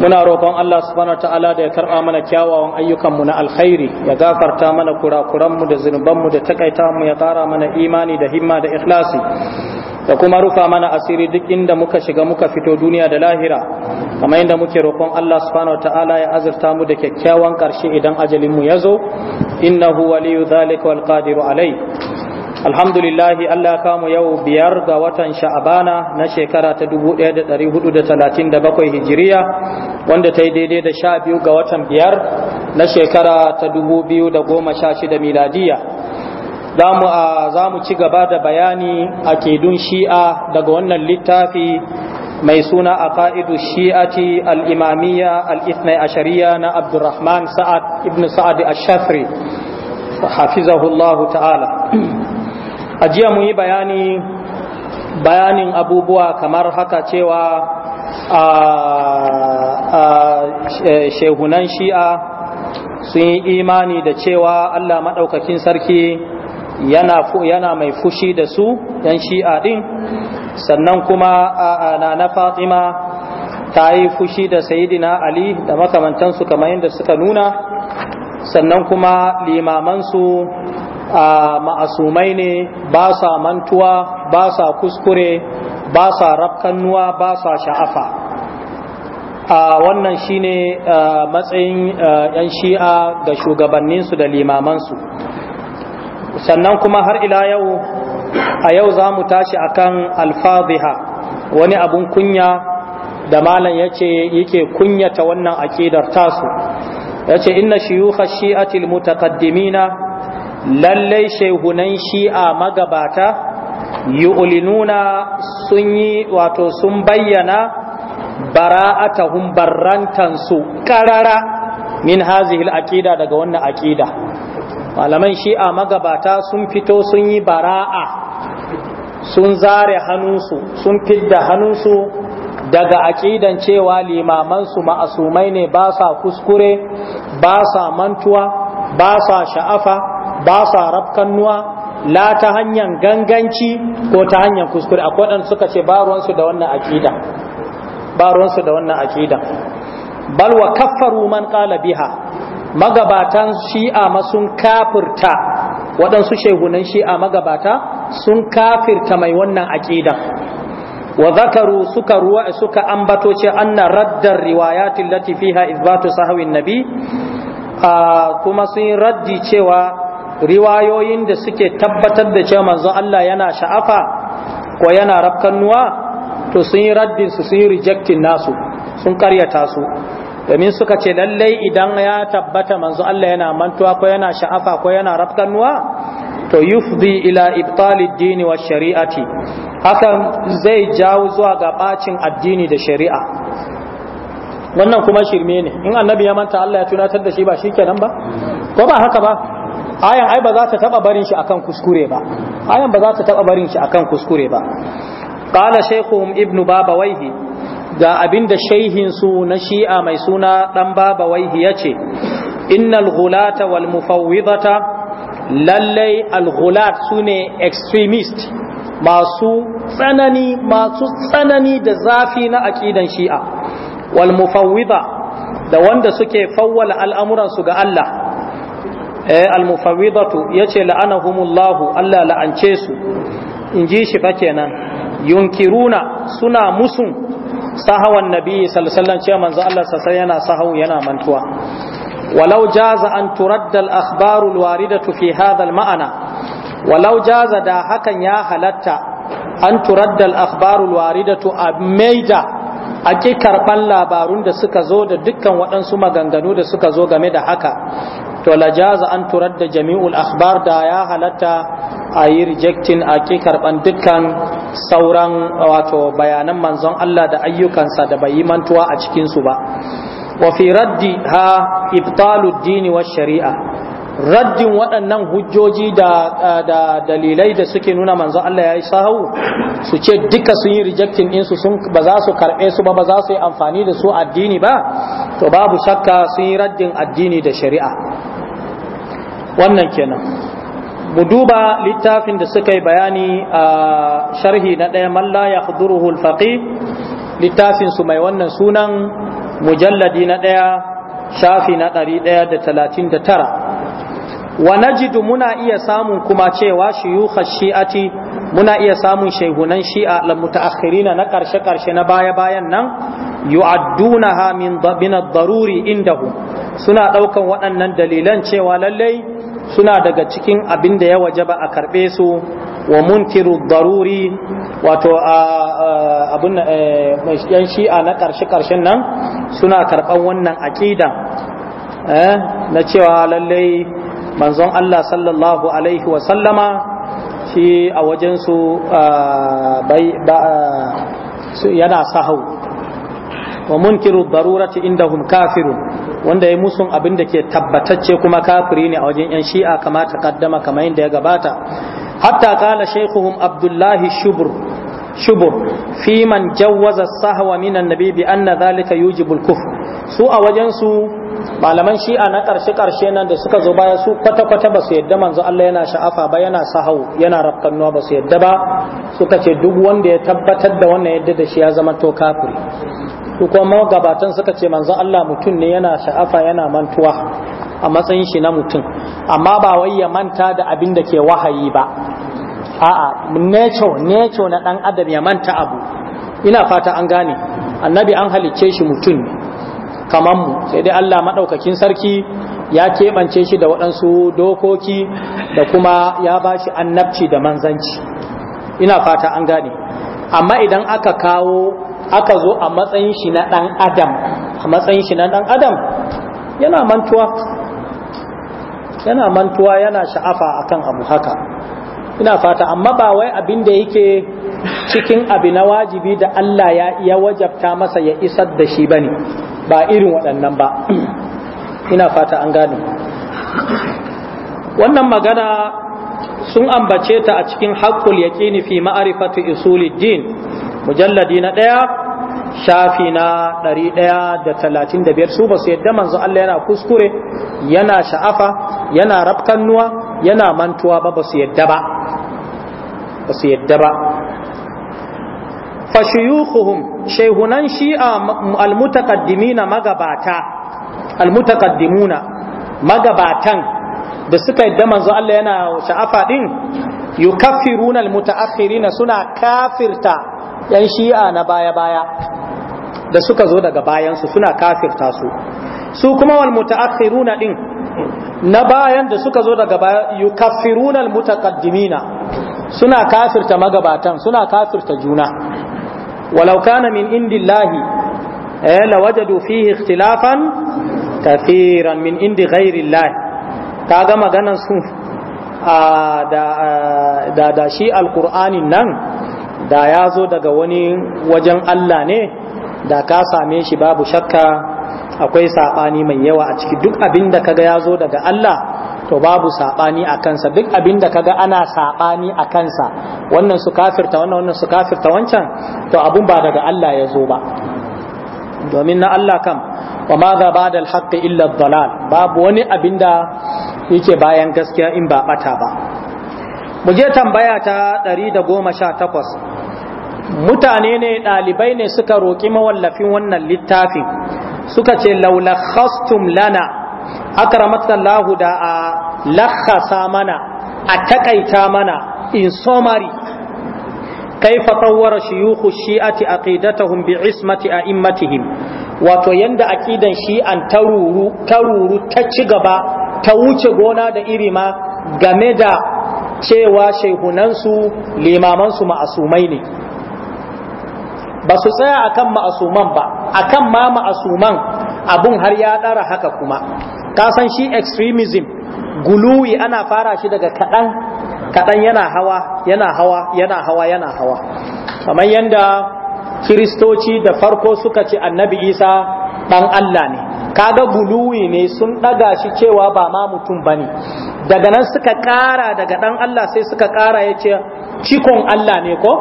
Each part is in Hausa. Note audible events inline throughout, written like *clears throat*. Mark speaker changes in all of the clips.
Speaker 1: muna roƙon Allah subhanahu ta'ala da ya karɓa mana kyawawan ayyukanmu na alkhairi ya gafarta mana kurakuranmu da zunubanmu da takaita mu ya ƙara mana imani da himma da ikhlasi da kuma rufa mana asiri duk inda muka shiga muka fito duniya da lahira kamar inda muke roƙon Allah subhanahu ta'ala ya azurta mu da kyakkyawan ƙarshe idan ajalin mu ya zo innahu waliyu zalika wal qadiru alai alhamdulillahi Allah kamu yau biyar ga watan sha'abana na shekara ta 1437 hijiriya wanda ta yi daidai da sha biyu ga watan biyar na shekara ta 2016 miladiya za mu ci gaba da bayani a kedun shi'a daga wannan littafi mai suna a ka'idu shi'ati al'imamiyya al'ithnai ashariya na abdurrahman sa'ad ibn sa'ad ashafri hafizahullahu ta'ala a jiya mu yi bayani bayanin abubuwa kamar haka cewa a, a shehunan shi'a sun yi imani da cewa allah maɗaukakin sarki yana, yana mai fushi da su yan shi'a din sannan kuma a, na na fatima ta yi fushi da sayidina ali da makamantansu kamar yadda suka nuna sannan kuma limamansu ma'asumai ne ba sa mantuwa ba sa kuskure ba sa rafkannuwa ba sa sha'afa wannan shi ne matsayin 'yan shi'a ga shugabanninsu da limamansu sannan kuma har ila yau a yau za mu tashi akan alfaziha wani abun kunya da malam ya ce yake kunyata wannan aƙidar tasu yace inna shuyukha shi'atil mutaqaddimina lallai shehunan shi'a magabata yu'linuna sun yi wato sun bayyana bara'atahum barrantansu karara min hazihil aqida daga wannan aqida malaman shi'a magabata sun fito sun yi bara'a sun zare hannunsu sun fidda hannunsu daga aƙidan cewa limamansu ma'asumai ne ba sa kuskure ba sa mantuwa ba sa sha'afa ba sa rafkannuwa la ta hanyar ganganci ko ta hanyar kuskure akwai waɗanda suka ce ba da wannan akida ba da wannan akida bal wa kaffaru man ƙala biha magabatan shi'a ma sun kafirta waɗansu shegunan shi'a magabata sun kafirta mai wannan aƙidan. wa zakaru suka ruwa suka ambato ce anna raddar riwayati lati fiha isbatu sahwi nabi kuma sun raddi cewa riwayoyin da suke tabbatar da cewa manzon Allah yana sha'afa ko yana rafkannuwa to sun yi raddin su sun yi rejectin nasu sun karyata su domin suka ce lallai idan ya tabbata manzon Allah yana mantuwa ko yana sha'afa ko yana rafkannuwa to yufdi ila ibtali dini wa shari'ati hakan zai jawo zuwa ga bacin addini da shari'a wannan kuma shirme ne in annabi ya manta Allah ya tunatar da shi ba shikenan ba ko ba haka ba ayan ai ba za ta taba barin shi akan kuskure ba ayan ba za ta taba barin shi akan kuskure ba qala shaykhuhum ibnu Baba Waihi ga abinda shaihin su na shi'a mai suna dan ya yace innal ghulata wal mufawwidata lallai al ghulat sune extremist masu tsanani masu tsanani da zafi na aqidan shi'a wal mufawwida da wanda suke fawwala al'amuransu ga Allah Eh, al-mufawwidatu yace la'anahumullahu Allah la'ance su inji shi fa kenan yunkiruna suna musun sahawan nabi sallallahu alaihi wasallam cewa manzo Allah sallallahu yana sahau yana mantuwa walau jaza an turadda al-akhbaru al-waridatu fi hadha al-ma'ana walau jaza da hakan ya halatta an turadda al-akhbaru al-waridatu amaida ake labarun da suka zo da dukkan waɗansu maganganu da suka zo game da haka to la jaza an turar da jami'ul akhbar da ya halatta a yi rejectin a ke karban dukkan sauran wato bayanan manzon Allah da ayyukansa da bai yi mantuwa a cikinsu ba wa fi raddi ha ibtalu dini wa shari'a raddin waɗannan hujjoji da, da dalilai da suke nuna manzon Allah ya yi sahau su ce duka sun yi rejectin ɗinsu sun ba za su karɓe su ba ba za su yi amfani da su addini ba to babu shakka sun yi raddin addini da shari'a wannan kenan mu duba littafin da suka yi bayani a sharhi na ɗaya malla ya huduruhu littafin su mai wannan sunan mujalladi na ɗaya shafi na ɗari ɗaya da talatin da tara wanajidu muna iya samun kuma cewa shiyuha shi'ati muna iya samun shaihunan shi'a la mutaakhirina na ƙarshe karshe na baya bayan nan yu'addunaha min min ad-daruri indahum suna ɗaukan waɗannan dalilan cewa lallai suna daga cikin abin da ya wajaba a karɓe su wa munkiru daruri wato abin eh, yan shi'a na karshe karshen nan suna karɓar wannan aƙida eh, na cewa lallai manzon Allah sallallahu alaihi wa sallama shi a wajensu yana sahau wa munkiru darurati indahum kafirun wanda ya musun abin da ke tabbatacce kuma kafiri ne a wajen yan shi'a kamata kaddama kamar yadda ya gabata hatta kala shaykhuhum abdullahi shubur shubur fi man jawwaza sahwa min annabi bi anna dhalika yujibu al su a wajen su malaman shi'a na karshe karshe nan da suka zo baya su kwata kwata ba su yadda manzo Allah yana sha'afa ba yana sahau yana rafkannuwa ba su yadda ba suka ce duk wanda ya tabbatar da wannan yadda da shi ya zama to kafiri su kuma magabatan suka ce manzon Allah mutum ne yana sha'afa yana mantuwa a matsayin shi na mutum amma ba wai ya manta da abin da ke wahayi ba a'a nature nature na dan adam ya manta abu ina fata an gane annabi an halicce shi mutum ne kaman mu sai dai Allah madaukakin sarki ya keɓance shi da waɗansu dokoki da kuma ya ba shi annabci da manzanci ina fata an gane amma idan aka kawo aka zo a matsayin shi na dan adam a matsayin shi na dan adam yana mantuwa yana mantuwa yana sha'afa akan abu haka ina fata amma ba wai abin da yake cikin abu na wajibi da Allah ya ya wajabta masa ya isar da shi bane ba irin waɗannan ba *clears throat* ina fata an gane wannan magana sun ambace ta a cikin haƙƙul yaqini fi ma'rifati usulid din mujalladi na ɗaya shafi na ɗari ɗaya da talatin da biyar su ba su yadda manzo Allah yana kuskure yana sha'afa yana rafkannuwa yana mantuwa ba ba su yadda ba ba su yadda ba fashiyukuhum shehunan shi'a almutaqaddimina magabata almutakaddimuna magabatan da suka yadda manzo Allah yana sha'afa din yukaffiruna almutaakhirina suna kafirta yan shi'a na baya-baya da suka zo daga bayansu suna kafirta su su kuma wal mutaakhiruna din na bayan da suka zo daga baya yukaffiruna al mutaqaddimina suna kafirta magabatan suna kafirta juna walau kana min indillahi eh lawajadu fihi ikhtilafan kathiran min indi ghairillah kaga maganan su a da da shi alqur'anin nan da ya zo daga wani wajen Allah ne da ka same shi babu shakka akwai saɓani mai yawa a ciki duk abin da kaga ya zo daga Allah to babu saɓani a kansa duk abin da kaga ana saɓani a kansa wannan su kafirta wannan wannan su kafirta wancan to abun ba daga Allah ya zo ba domin na Allah kam wa ma za ba da alhaƙi illa dalal babu wani abin da yake bayan gaskiya in ba ɓata ba mu je tambaya ta 118 mutane ne ɗalibai ne suka roƙi mawallafin wannan littafin suka ce laula khastum lana akramatallahu da a lakhasa mana a takaita mana in somari kaifa tsawara shuyukhu shi'ati aqidatuhum bi ismati a'immatihim wato yanda aqidan shi'an taruru taruru ta ci gaba ta wuce gona da iri ma game da cewa shehunansu limamansu ma'asumai ne ba su tsaya akan ma'asuman ba akan ma ma'asuman abun har ya ɗara haka kuma ka san shi extremism guluwi ana fara shi daga kaɗan kaɗan yana hawa yana hawa yana hawa yana hawa kamar yadda kiristoci da farko suka ce annabi isa ɗan allah ne kaga guluwi ne sun ɗaga shi cewa ba ma mutum ba ne daga nan suka ƙara daga ɗan Allah sai suka kara ya ce cikon Allah ne ko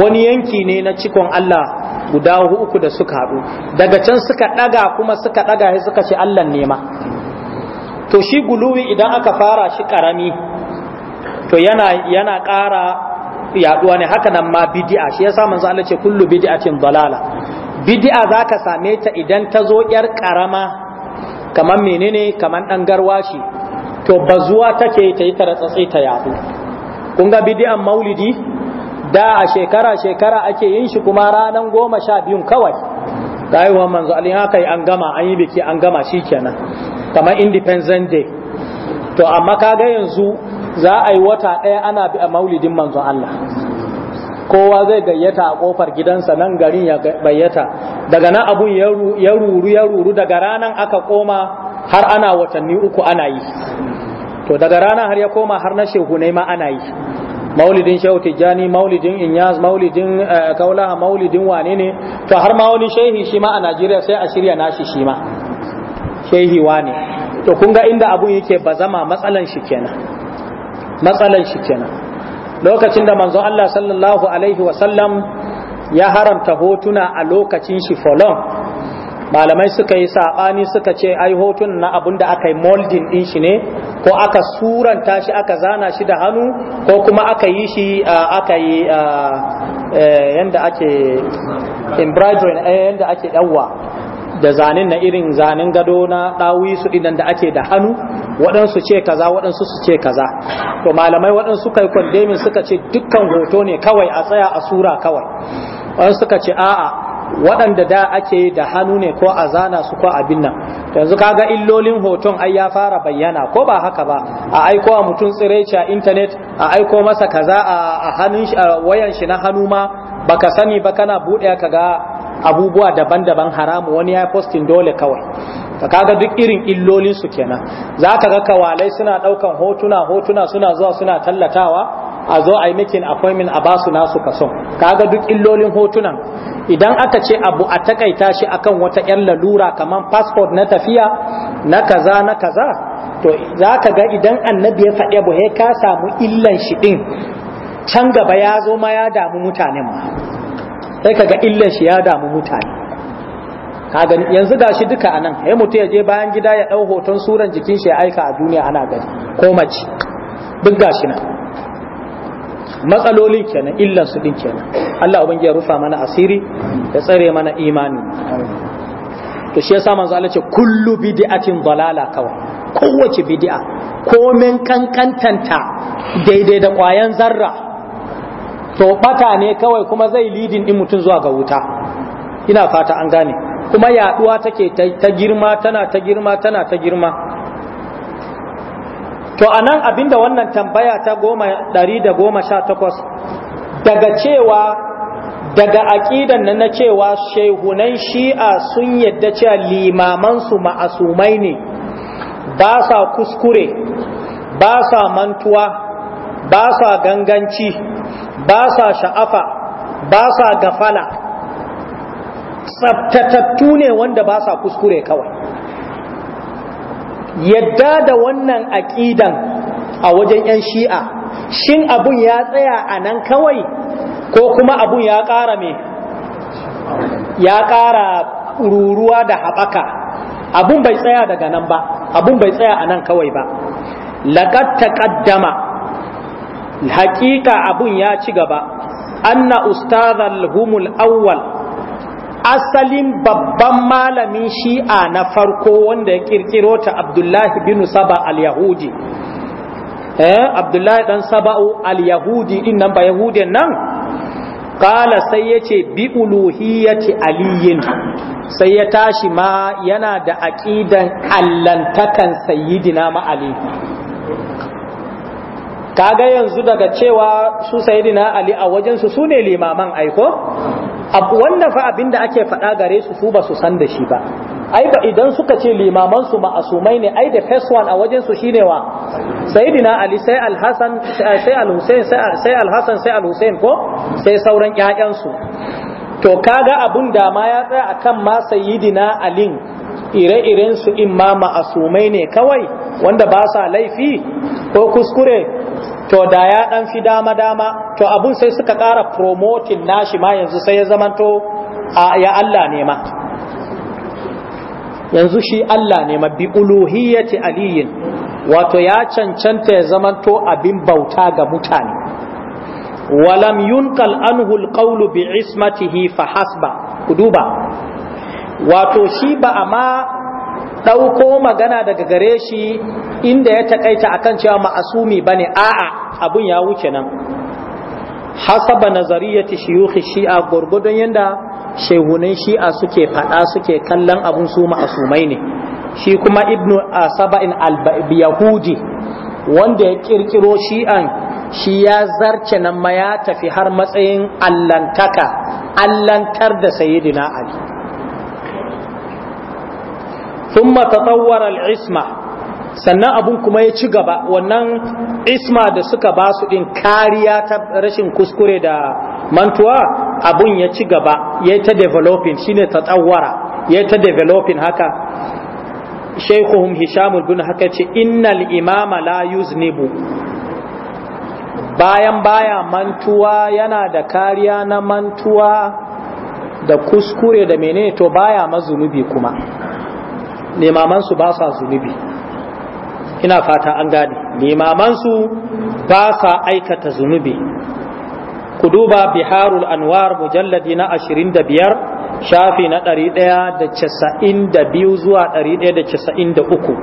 Speaker 1: wani yanki ne na cikon Allah guda uku da suka haɗu daga can suka ɗaga kuma suka ɗaga ya suka ce Allah ne ma to shi guluwi idan aka fara shi ƙarami to yana yana ƙara yaduwa ne haka nan ma bidi'a shi yasa manzo Allah ce kullu bid'atin dalala Bidi'a za ka same ta idan ta zo yar karama kamar menene kamar ɗan garwashi to ba zuwa take ta yi tsatsi ta yaɗu kun ga Bidi'an maulidi da a shekara shekara ake yin shi kuma ranar goma sha biyun kawai rayuwar manzo alin haka yi an gama an yi biki an gama shi kenan kamar independent day to amma kaga yanzu za a yi wata ɗaya ana bi a maulidin manzon Allah kowa zai gayyata a kofar gidansa nan garin ya bayyata, daga nan abun ya ruru ya ruru daga ranan aka koma har ana watanni uku ana yi to daga ranar har ya koma har na shehu ne ma ana yi maulidin shehu tijjani maulidin inyaz, maulidin eh, kaulaha maulidin wane ne to har ma wani shehi shi ma a najeriya sai a shirya nashi shi ma shehi wane to kun ga inda abun yake bazama matsalan shi kenan matsalan shi kenan lokacin da manzo Allah sallallahu alaihi wasallam ya haramta hotuna a lokacin shi folon malamai suka yi saɓani suka ce ai hotun na abun aka yi molding ɗin shi ne ko aka suranta shi aka zana shi da hannu ko kuma aka yi shi aka yi eh, yanda ake embroidery eh, yanda ake ɗauwa da zanen na irin zanen gado na ɗawi su ɗinan da ake da hannu waɗansu ce kaza waɗansu su ce kaza to malamai waɗansu kai kwandemin suka ce dukkan hoto ne kawai a tsaya a sura kawai waɗansu suka ce a'a waɗanda da ake da hannu ne ko a zana su ko abin nan yanzu kaga illolin hoton ai ya fara bayyana ko ba haka ba a aiko a mutum tsiraici a intanet a aiko masa kaza a hannun wayan shi na hannu ma baka sani ba kana buɗe ka ga abubuwa daban-daban haramu wani ya postin dole kawai ka kaga duk irin illolin su kenan za ka ga kawalai suna daukan hotuna hotuna suna zuwa suna tallatawa a zo a yi makin akwai a ba basu nasu kaso kaga duk illolin hotunan idan aka ce abu a takaita shi akan wata yan lalura kamar passport na tafiya na kaza na kaza to za ka ga idan annabi ya faɗi abu ka samu illan shi ɗin can gaba ya zo ma ya damu mutanen ma sai kaga illan shi ya damu mutane kaga yanzu gashi duka anan sai mutu ya je bayan gida ya dau hoton suran jikin shi ya aika a duniya ana gani ko mace duk gashi nan matsalolin kenan illan su din kenan Allah ubangi ya rufa mana asiri ya tsare mana imani to shi yasa manzo Allah ce kullu bid'atin dalala kawa kowace bid'a komen kankantanta daidai da kwayan zarra to bata ne kawai kuma zai lidin din mutum zuwa ga wuta ina fata an gane kuma yaduwa take ta girma tana ta girma tana ta girma to anan abinda wannan tambaya ta goma da goma sha takwas daga cewa daga aƙidan nan na cewa shehunan shi'a sun yadda cewa su ma'asumai ne ba sa kuskure ba sa mantuwa ba sa ganganci ba sa sha'afa ba sa gafala tsaftatattu ne wanda ba sa kuskure kawai yadda da wannan aƙidan a wajen 'yan shi'a shin abun ya tsaya a nan kawai ko kuma abun ya ƙara me ya ƙara ruruwa da haɓaka abun bai tsaya daga nan ba abun bai tsaya a nan kawai ba laƙar ƙaddama. haƙiƙa abun ya ci gaba anna ustazal humul awwal asalin babban malamin shi'a na farko wanda ya kirkiro ta abdullahi bin saba al-yahudi eh abdullahi dan saba'u al-yahudi din nan ba yahudin nan kala sai ya ce bi uluhiyyati aliyin sai ya tashi ma yana da aqidan allantakan sayyidina Ali. kaga yanzu daga cewa su sayidina ali a wajensu su ne limaman aiko wanda fa abinda ake faɗa gare su su ba su san da shi ba ai ba idan suka ce limaman su ma'asumai ne ai da first one a wajen su shine wa sayyidina ali sai al-hasan sai al-husayn sai al-hasan sai al-husayn ko sai sauran ƴaƴan su to kaga abun da ma ya tsaya akan ma sayyidina alin ire-iren su imma ma'asumai ne kawai wanda ba sa laifi ko kuskure to da ya dan fi dama-dama to abun sai suka kara promoting nashi ma yanzu sai ya zamanto a ya Allah ne ma yanzu shi Allah ne ma bi uluhiyyati aliyin wato ya cancanta ya zamanto abin bauta ga mutane walam yunkal anhu alqawlu bi ismatihi fa hasba ku wato shi ba a ma ɗauko magana daga gare shi inda ya taƙaita akan cewa ma'asumi ba ne a'a abun ya wuce nan hasaba nazariyati shiyukhi shi'a gurgudun yanda shehunan shi'a suke faɗa suke kallon abun su ma'asumai ne shi kuma ibnu asaba'in al-yahudi wanda ya kirkiro shi'an shi ya zarce nan ma ya tafi har matsayin allantaka allantar da sayidina ali thumma tatawwara al-isma sannan abun kuma ya ci gaba wannan isma da suka ba su din kariya ta rashin kuskure da mantuwa abun ya ci gaba ya ta developing shine tatawwara ya ta developing haka shaykhuhum hisham bin haka ce innal imama la yuznibu bayan baya mantuwa yana da kariya na mantuwa da kuskure da menene to baya mazunubi kuma limaman su ba sa zunubi ina fata an gane limaman su ba sa aikata zunubi ku duba biharul anwar mujalladi na 25 shafi na 192 zuwa 193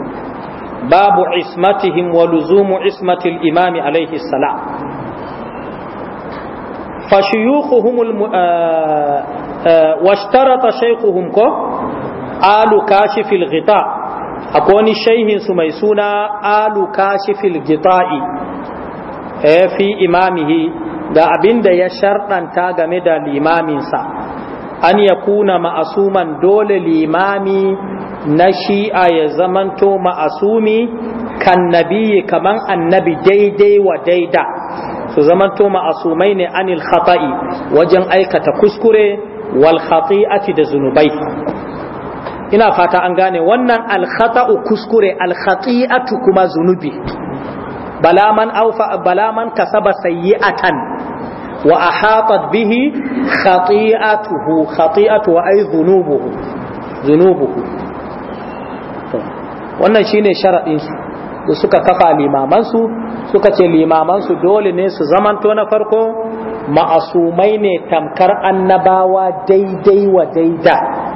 Speaker 1: babu ismatihim wa luzumu ismatil imami alaihi salam فشيوخهم الم... آ... آ... واشترط شيخهم كو alu kashifil ghita akwai wani shaihin su mai suna alu kashifil ghita'i eh, fi imamihi da abin da ya sharɗanta game da limaminsa an ya kuna ma'asuman dole limami na shi'a ya zamanto ma'asumi kan nabiyi kaman annabi daidai wa daida su zamanto ma'asumai ne anil khata'i wajen aikata kuskure wal khati'ati da zunubai ina fata an gane wannan alkhata'u kuskure alkhati'atu kuma zunubi balaman aufa balaman kasaba sayyi'atan wa ahatat bihi khati'atuhu khati'atu wa ay dhunubuhu dhunubuhu wannan shine sharadin su da suka kafa limaman su suka ce limaman su dole ne su zamanto na farko ma'asumai ne tamkar annabawa daidai wa daida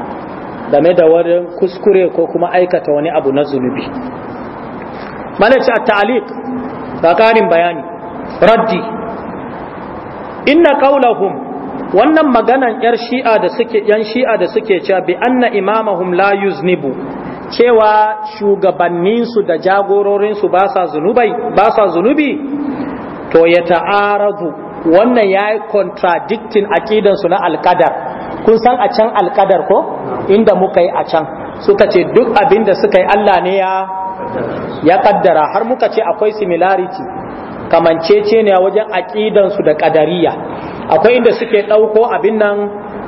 Speaker 1: game da wani kuskure ko kuma aikata wani abu na zunubi malaci a ta'aliq ga karin bayani raddi inna qaulahum wannan maganan yar shi'a da suke yan shi'a da suke cewa bi anna imamahum la yuznibu cewa shugabanninsu da jagororinsu ba sa zunubai ba sa zunubi to ya ta'aradu wannan yayi yi aqidan su na alƙadar. kun san a can alƙadar ko inda muka yi a can suka ce duk abin da suka yi Allah ne ya ya kaddara har muka ce akwai similarity kamancece ne wajen aƙidansu da ƙadariya akwai inda suke ɗauko abin nan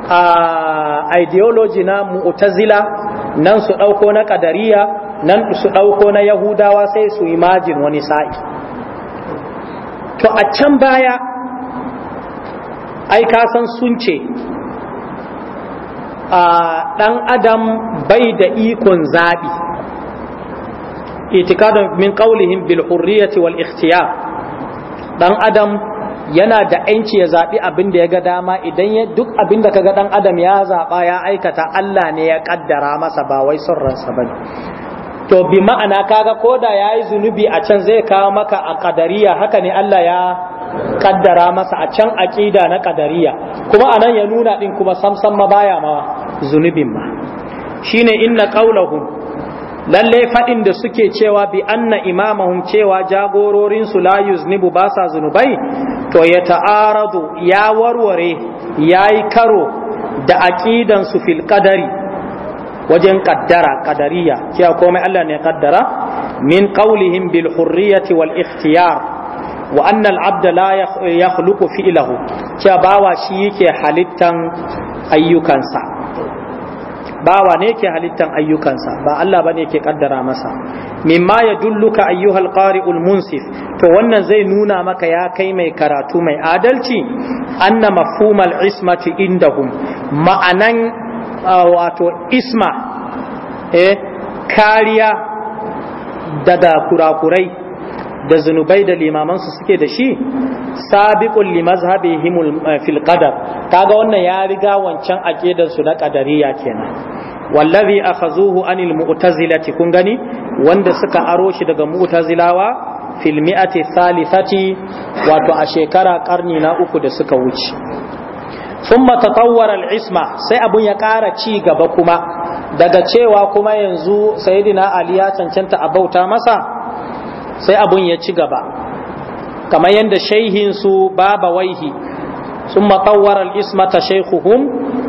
Speaker 1: a ideology na mu'tazila nan su ɗauko na ƙadariya nan su ɗauko na yahudawa sai su majin wani sa'i to a can baya ai kasan sun ce ɗan adam bai da ikon zaɓi itikadun min ƙaulihim bil wal ikhtiyar ɗan adam yana da ‘yanci ya zaɓi abin da ya ga dama idan ya duk abin da ka ga ɗan adam ya zaɓa ya aikata Allah ne ya ƙaddara masa ba wai son ransa ba to bi ma'ana kaga koda ya yi zunubi a can zai kawo maka a ƙadariya haka ne Allah ya kaddara masa a can aƙida na ƙadariya kuma a nan ya nuna ɗin kuma samsam ma baya ma zunubin ma Shi shine inna ƙaunahun lalle faɗin da suke cewa bi anna imamahum cewa jagororin su la yuznibu ba sa zunubai to ya ta'aradu ya warware ya yi karo da aƙidansu su fil wajen ƙaddara ƙadariya cewa komai Allah ne kaddara min ƙaunihin bil hurriyati wal ikhtiyar wa annal abda la yakhluqu fi'lahu cewa bawa shi yake halittan ayyukansa bawa ne yake halittan ayyukansa ba Allah bane yake kaddara masa mimma yadulluka ayyuhal qari'ul munsif to wannan zai nuna maka ya kai mai karatu mai adalci anna mafhumal ismati indahum ma'anan wato isma eh kariya daga kurakurai da zunubai da limamansu suke da shi sabiqul li mazhabihim eh, fil qadar kaga wannan ya riga wancan aqidar su na qadariya kenan wallazi akhazuhu anil mu'tazilati kun gani wanda suka aro shi daga mu'tazilawa fil mi'ati thalithati wato a shekara karni na uku da suka wuce thumma tatawwara al isma sai abun ya ƙara ci gaba kuma daga cewa kuma yanzu sayyidina ali ya cancanta a bauta masa sai abun ya ci gaba kamar yadda shaihinsu baba waihi sun matsawar al'ismata shaikuhum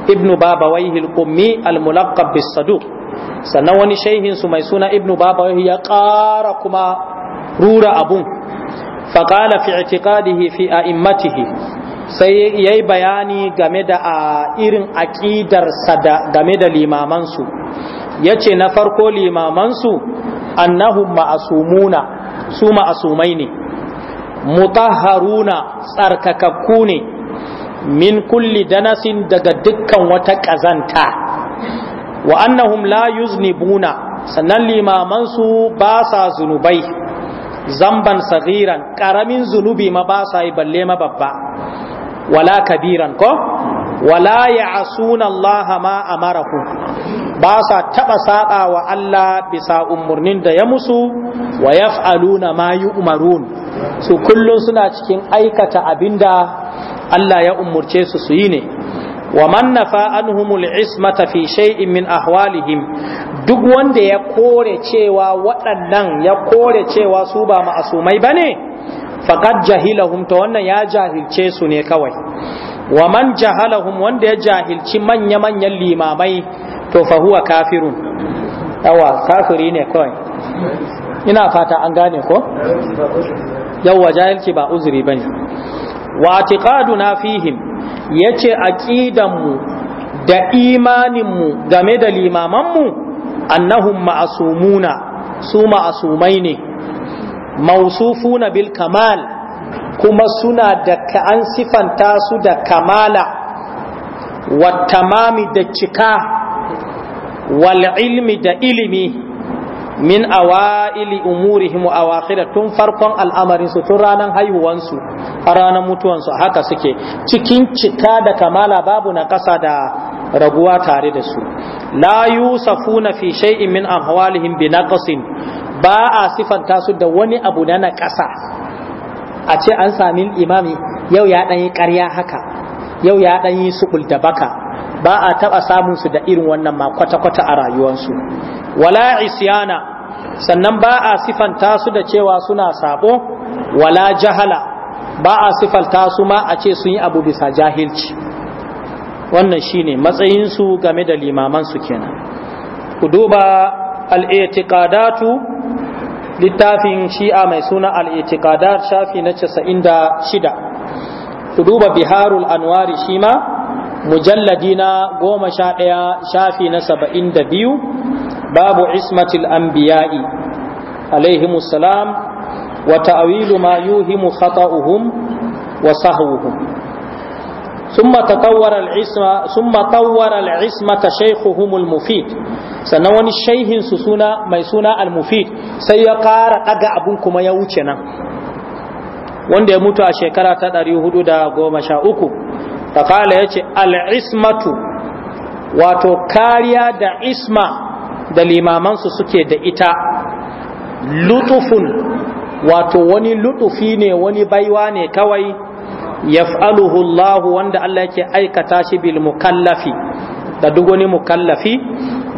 Speaker 1: ibnu baba waihi al al-mulaqab bis sannan wani shaihinsu mai suna ibnu baba waihi ya ƙara kuma rura abun faƙala fi itiqadihi fi a'immatihi sai ya yi bayani game da a irin aƙidarsa game da limamansu ya ce na farko limamansu annahum ma'asumuna su ma'asumai ne mutahharuna tsarkakakku ne min kulli danasin daga dukkan wata ƙazanta wa annahum la yuznibuna sannan limamansu ba sa zunubai zamban sagiran ƙaramin zunubi ma ba sa yi balle ma babba wala kabiran ko wala asuna Allah ma amarahu ba sa taba saba wa Allah bisa umarnin da ya musu wa yaf'aluna ma yu'marun su kullun suna cikin aikata abinda Allah ya umarce su su yi ne wa man nafa anhumul ismata fi shay'in min ahwalihim duk wanda ya kore cewa waɗannan ya kore cewa su ba ma'asumai bane faqad jahilahum to wannan ya jahilce su ne kawai wa man jahalahum wanda ya jahilci manya-manyan limamai to fa huwa kafirun yawa kafiri ne kawai ina fata an gane ko yawa jahilci ba uzuri bane wa tiqaduna fihim yace aqidanmu da imaninmu game da limamanmu annahum ma'asumuna su ma'asumai ne mausufuna bil kamal kuma suna da an sifanta su da kamala wa tamami da cika wal ilmi da ilimi min awa'ili umurihim wa tun farkon al'amarin tun ranar haihuwansu a ranar mutuwansu haka suke cikin cika da kamala babu na kasa da raguwa tare da su la na fi shay'in min ahwalihim bi naqsin ba a sifanta su da wani abu na kasa a ce an sami imami yau ya ɗanyi ƙarya haka yau ya ɗanyi su da baka ba a taɓa samun su da irin wannan ma kwata-kwata a rayuwarsu wala isyana sannan ba a sifanta su da cewa suna sabo wala jahala ba a sifanta su ma a ce sun yi abu bisa jahilci wannan shine matsayinsu game da limamansu kenan ku duba al littafin shi'a mai suna al'itikadar shafi na casa'in da shida ku duba biharul anwari shi ma mujalladi na goma sha ɗaya shafi na saba'in da biyu babu ismatil anbiya'i alaihimussalam wa ta'awilu ma yuhimu khata'uhum wa sahwuhum ثم تطور العصمة ثم طور العصمة شيخهم المفيد sannan wani shaihin su mai suna al-mufid sai ya ƙara ɗaga abun kuma ya wuce nan wanda ya mutu a shekara ta 413 taƙala ya ce al-ismatu wato kariya da isma da limamansu suke da ita lutufun wato wani lutufi ne wani baiwa ne kawai yaf'aluhu Allahu wanda Allah yake aikata shi bil mukallafi da duk wani mukallafi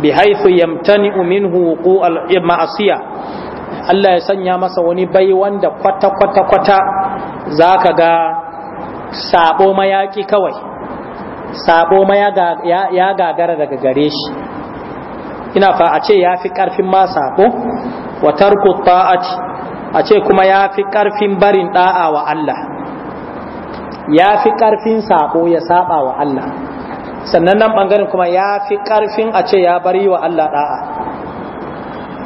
Speaker 1: bi haythu yamtani'u minhu wuqu'al ma'asiya Allah ya sanya masa wani bai wanda kwata kwata kwata zaka ga sabo mayaki kawai sabo ma ya gagara daga gare shi ina fa a ce ya fi karfin ma sabo wa tarku ta'ati a ce kuma ya fi karfin barin da'a wa Allah ya fi ƙarfin sabo ya saba wa Allah sannan nan ɓangaren kuma ya fi ƙarfin a ce ya bari wa Allah ɗa'a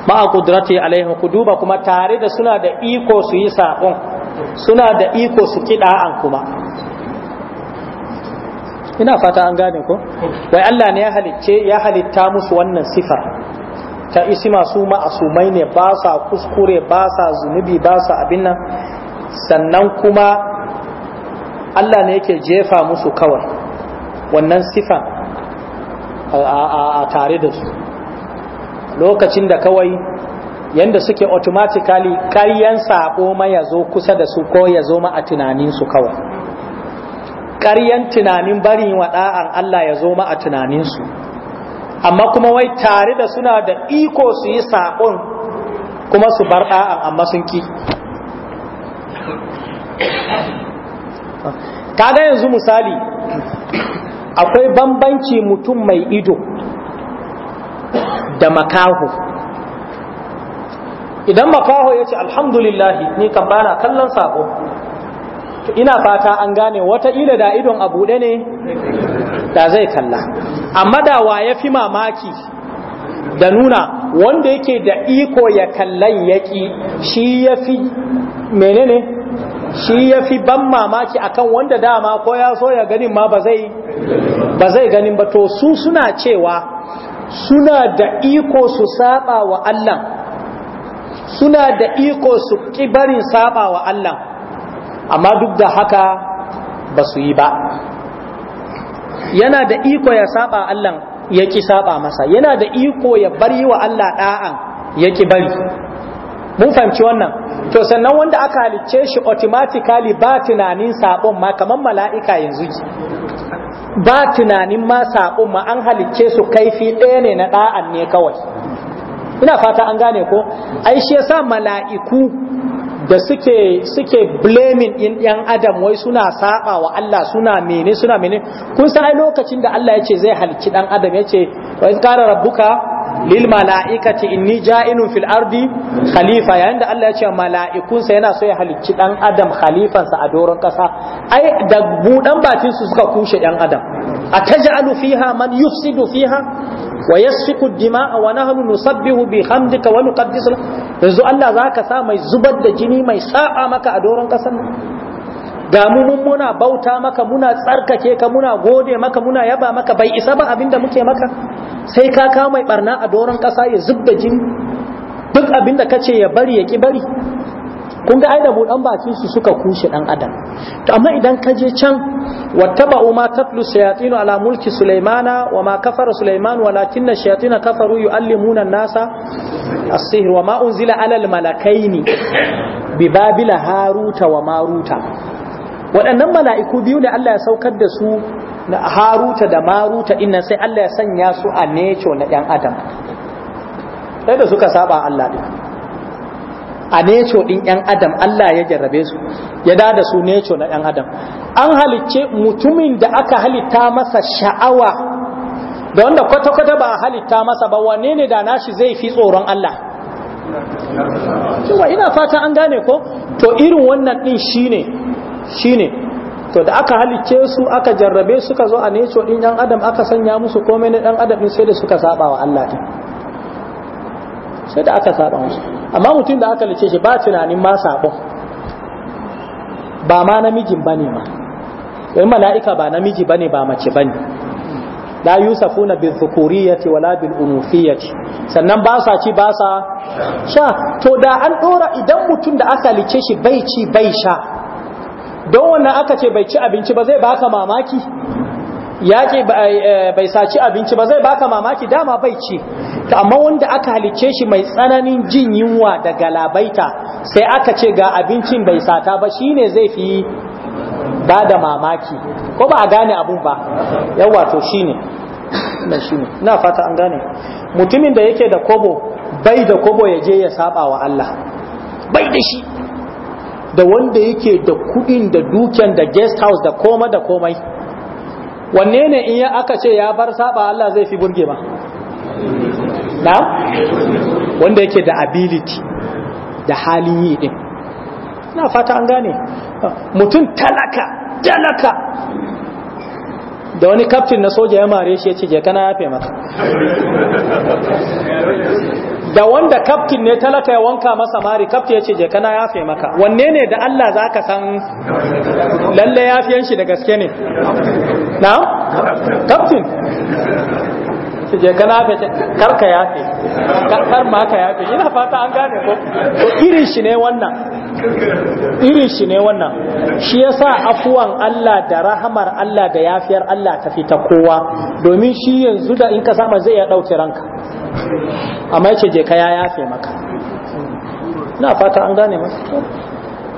Speaker 1: ba a ƙudurati alaihim ku duba kuma tare da suna da iko su yi saƙon suna da iko su ki ɗa'an kuma ina fata an gane ko wai Allah ne ya ya halitta musu wannan sifa ta isi su ma'asumai ne ba sa kuskure ba sa zunubi ba sa abin nan sannan kuma Allah ne yake jefa musu kawai wannan sifan a tare da su lokacin da kawai yanda suke automatically ƙaryan saƙo ma ya zo kusa da su ko ya zo ma a tunaninsu kawai ƙaryan tunanin barin waɗa'an Allah ya zo ma a tunaninsu amma kuma wai tare da suna da iko su yi sakon kuma su bar da'an amma sun ki kada yanzu misali akwai bambanci mutum mai ido da makaho idan makaho ya ce alhamdulillahi ni kan bana kallon sako ina fata an gane wata wataƙila da idon a buɗe ne da zai kalla amma da wa ya fi mamaki da nuna wanda yake da iko ya kallan yaƙi shi ya fi menene shi ya fi ban mamaki akan wanda dama ko ya so ya ganin ma ba zai ganin ba to su suna cewa suna da iko su saba wa Allah suna da iko su kibarin saba wa Allah amma duk da haka ba su yi ba yana da iko ya saba Allah ya ki saba masa yana da iko ya bari wa Allah da'an ya ki bari mun fahimci wannan to sannan wanda aka halicce shi automatically ba tunanin sabon ma kamar mala'ika yanzu ba tunanin ma sabon ma an halicce su kaifi ɗaya ne na ɗa'an ne kawai ina fata an gane ko ai shi yasa mala'iku da suke suke blaming in yan adam wai suna saba wa Allah suna mene suna mene kun san ai lokacin da Allah yace zai halicci dan adam yace ce wa in qala rabbuka lil mala'ikati inni ja'inun fil ardi khalifa yayin da Allah ya ce mala'ikunsa yana so ya halicci dan adam khalifansa a doron kasa ai da buɗan bakin su suka kushe ɗan adam ataj'alu fiha man yufsidu fiha wa yasfiku wani hannu nahnu nusabbihu bi hamdika wa nuqaddisu yanzu Allah zaka sa mai zubar da jini mai sa'a maka a doron kasan ga mu mun muna bauta maka muna tsarkake ka muna gode maka muna yaba maka bai isa ba abinda muke maka sai ka kawo mai barna a doron kasa ya zubda jini duk abinda ka ce ya bari ya ki bari kun ga ai da buɗan bakin su suka kushe dan adam to amma idan ka je can wattaba'u ma tatlu shayatin ala mulki sulaimana wa ma kafara sulaiman walakinna shayatin kafaru yu'allimuna an-nasa as-sihr wa ma unzila ala al-malakaini bi babila haruta wa maruta waɗannan mala'iku biyu ne Allah ya saukar da su na haruta da maruta Inna sai Allah ya sanya su a neco na ɗan adam sai da suka saba Allah ɗin a neco ɗin ‘yan adam Allah ya jarrabe su ya da da su neco na ‘yan adam an halicce mutumin da aka halitta masa sha'awa da wanda kwata-kwata ba a halitta masa ba wanne ne da nashi zai fi tsoron Allah ina fata an gane ko to irin wannan ɗin shine shine to da aka halicce su aka jarrabe suka zo a neco din yan adam aka sanya musu komai na dan adam sai da suka saba wa Allah din sai da aka saba musu amma mutum da aka halicce shi ba tunanin ma sabon ba ma namijin bane ma wai mala'ika ba namiji bane ba mace bane la yusafuna bi dhukuriyati wala bil unufiyati sannan ba sa ci ba sa sha to da an dora idan mutum da aka halicce shi bai ci bai sha don wannan aka ce bai ci abinci ba zai baka mamaki ya ce eh, eh, bai saci abinci ba zai baka mamaki dama bai ci amma wanda aka halicce shi mai tsananin jin yunwa da galabaita sai aka ce ga abincin bai sata ba shine zai fi ba da mamaki ko ba a gane abun ba yau wato shi ne. na fata an gane mutumin da yake da kobo bai da kobo ya je ya saba wa Allah bai da shi da wanda yake da kudin da duken da guest house da koma da komai wanne ne in ya aka ce ya bar saba Allah zai fi burge ba na wanda yake da ability da halin yi din na fata an gane mutum talaka talaka da wani kaftin na soja ya mare shi ya ce je kana yafe maka da wanda kaftin ne talaka ya wanka masa mari kaftin ya ce je kana yafe maka wanne ne da Allah za ka san lalle yafiyan shi da gaske ne na kaftin su je ka nafe kar ka yafe kar ma ka yafe ina fata an gane ko irin shi ne wannan irin shi ne wannan shi yasa afuwan Allah da rahamar Allah da yafiyar Allah ta fi ta kowa domin shi yanzu da in ka sama zai ya dauke ranka amma yace je ka ya yafe maka ina fata an gane maka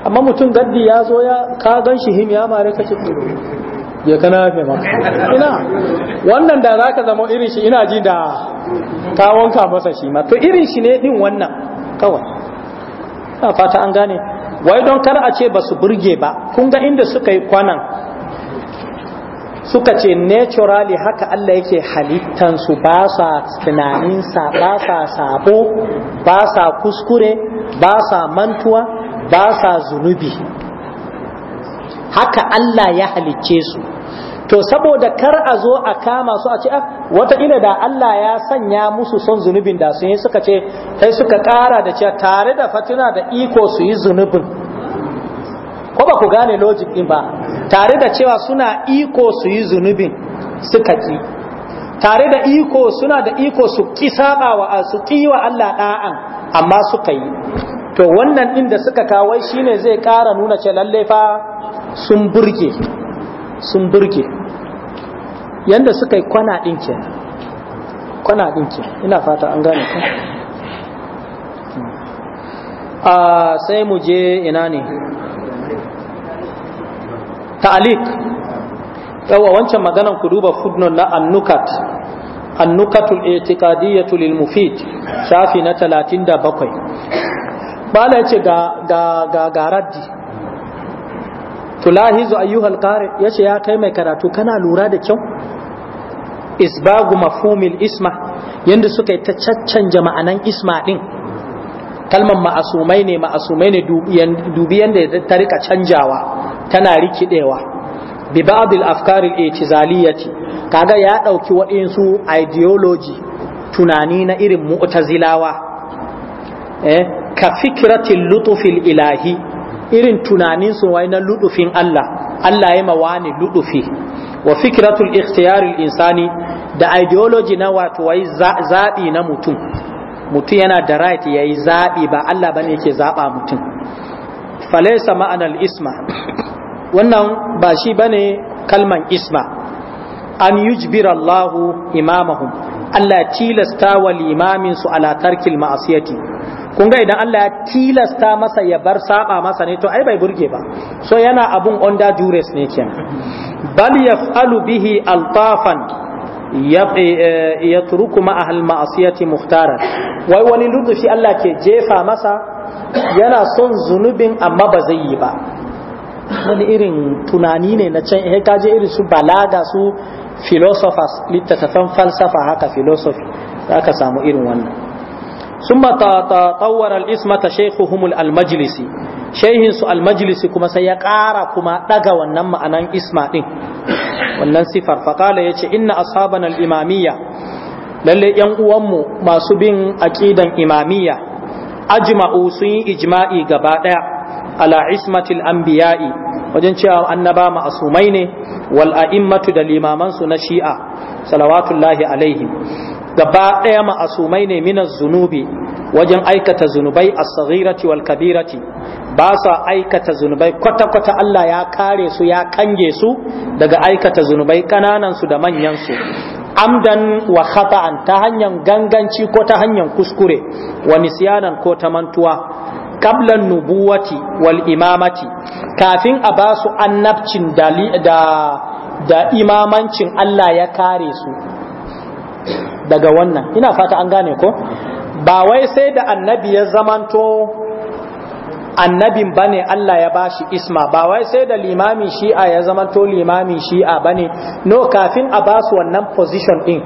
Speaker 1: amma mutum gaddi ya zo ya ka gan shi him ya mare ka ce ya kana fi maka ina wannan da zaka zama irin shi ina ji da ka masa shi ma to irin shi ne din wannan kawai a fata an gane wai don kar a ce ba su burge ba kun ga inda suka yi kwanan suka ce naturally haka Allah yake halittansu ba sa tunaninsa ba sa sabo ba sa kuskure ba sa mantuwa ba sa zunubi haka Allah ya halicce su to saboda kar a zo a kama su a ce ah wataƙila da Allah ya sanya musu son zunubin da su yi suka ce sai suka kara da cewa tare da fatina da iko su yi zunubin ko ba ku gane logic din ba tare da cewa suna iko su yi zunubin suka ki tare da iko suna da iko su ki saba wa su ki wa Allah da'an amma suka yi to wannan din da suka kawo shine zai kara nuna ce lalle fa sun burge sun burge yadda suka yi kwana ɗinke kwana ɗinke ina fata an gane ku a sai mu je ina ne ta'alik yawa wancan maganan ku duba fudnon na annukat annukatul itiqadiyyatu lil mufid shafi na 37 bala yace ce ga raddi tulahizu ayyuhal qari yace ya kai mai karatu kana lura da kyau isbagu mafhumil isma yanda suka yi ta caccanja ma'anan isma din kalmar ma'asumai ne ma'asumai ne dubi yanda ta rika canjawa tana rikidewa bi ba'dil afkaril i'tizaliyati kaga ya dauki waɗansu ideology tunani na irin mu'tazilawa eh ka fikratil lutufil ilahi irin tunanin wai na ludufin Allah Allah ya ma wani ludufi wa fikratul ikhtiyarul insani da ideology na wato wai zabi na mutum mutum yana da right yayi zabi ba Allah bane yake zaba mutum falaysa ma'anal isma wannan ba shi bane kalman isma an yujbira Allahu imamahum Allah tilasta wa limamin su ala tarkil ma'asiyati kun ga idan Allah ya tilasta masa ya bar saba masa ne to ai bai burge ba so yana abun under duress ne kenan bal yaf'alu bihi altafan eh, eh, yatruku ma ahl ma'asiyati muhtara wai wani lutufi Allah ke jefa masa yana son zunubin amma ba zai yi ba wani irin tunani ne na can eh kaje irin su balaga su philosophers littattafan falsafa haka philosophy zaka samu irin wannan ثم تطور الاسمة شيخهم المجلسي شيخ kuma sai كما سيقارا كما دغا wannan ma'anan isma din wannan sifar ya yace inna ashabana al-imamiyya lalle yan uwan mu masu bin aqidan imamiyya ajma'u sun yi ijma'i gaba daya ala ismatil anbiya'i wajen cewa annaba ma'asumai ne wal a'immatu da limaman su na shi'a salawatullahi alaihim gaba ɗaya ma'asumai ne minan zunubi wajen aikata zunubai a tsagirati wal kabirati ba su aikata zunubai kwata-kwata Allah ya kare su ya kange su daga aikata zunubai ƙananansu da manyansu amdan wa khata'an ta hanyar ganganci ko ta hanyar kuskure wa nisyanan ko ta mantuwa kablan nubuwati wal imamati kafin a ba su annabcin da imamancin Allah ya kare su daga wannan ina fata an gane ko ba wai sai da annabi ya zamanto annabin bane Allah ya bashi isma ba wai sai da limamin shi'a ya zamanto limamin shi'a bane no kafin a basu wannan position din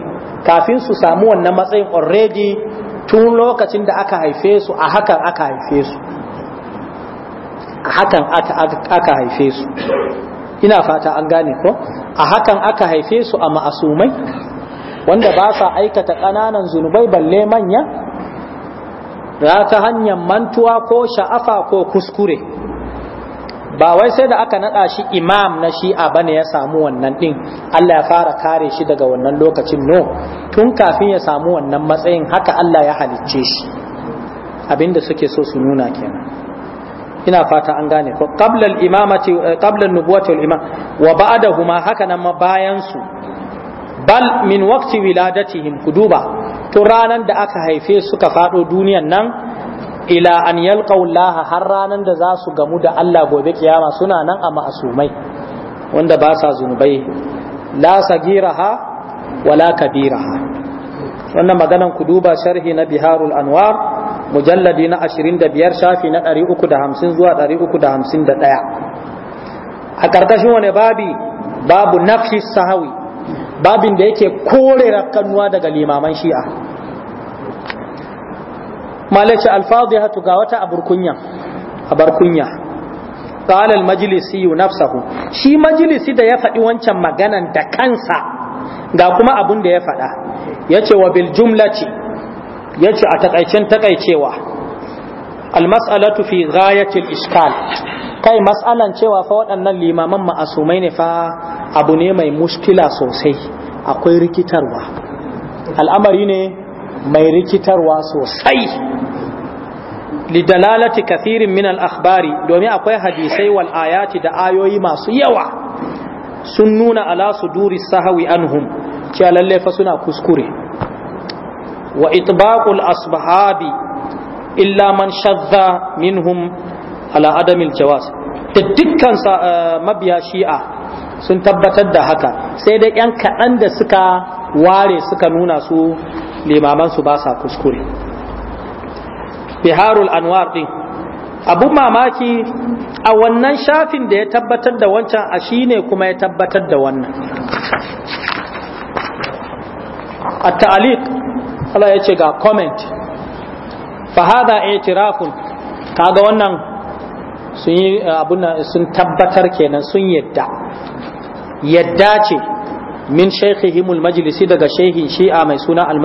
Speaker 1: kafin su samu wannan matsayin already tun lokacin da aka haife su a hakan aka haife su a hakan aka haife su ina fata an gane ko a hakan aka haife su a ma'asumai wanda ba sa aikata ƙananan zunubai balle manya da ta hanyar mantuwa ko sha'afa ko kuskure ba wai sai da aka naɗa shi imam na shi'a bane ya samu wannan ɗin Allah ya fara kare shi daga wannan lokacin no tun kafin ya samu wannan matsayin haka Allah ya halicce shi abinda suke so su nuna kenan ina fata an gane ko qabla al-imamati qabla an-nubuwati wal imam wa ba'dahuma haka nan ma bayan su bal min waqti wiladatihim kuduba tun ranan da aka haife suka fado duniyan nan ila an yalqaw Allah har ranan da za su gamu da Allah gobe kiyama suna nan a ma'asumai wanda ba sa zunubai la sagiraha wala kabiraha wannan maganan kuduba sharhi na biharul anwar mujalladi na 25 shafi na 350 zuwa 351 a ƙarƙashin wani babi babu nafshi sahawi babin da yake kore rakkanuwa daga limaman shi'a malaci alfadhiha ga wata aburkunya abarkunya qala almajlisi nafsahu. shi majlisi da ya faɗi wancan maganan da kansa ga kuma abun da ya faɗa yace wa bil jumlati yace a takaicen takaicewa almas'alatu fi ghayati al kai mas'alan cewa fa waɗannan limaman ma'asumai ne fa abu ne mai mushkila sosai akwai rikitarwa al'amari ne mai rikitarwa sosai lidalalati kathirin min al akbari domin akwai hadisai wal ayati da ayoyi masu yawa sun nuna ala suduri sahawi anhum cewa lalle fa suna kuskure wa itbaqul asbahabi illa man shadda minhum ala adamil jawaz da dukkan eh, mabiya shi'a sun tabbatar da haka sai dai yan kaɗan da suka ware suka nuna su limaman su ba sa kuskure biharul anwar din abun mamaki a wannan shafin da ya tabbatar da wancan a shine kuma ya tabbatar da wannan a ta'aliq Allah ya ce ga comment fa hada i'tirafun kaga wannan sun yi abun sun tabbatar kenan sun yadda yadda ce min shaikhihimul majlisi daga shehin shi'a mai suna al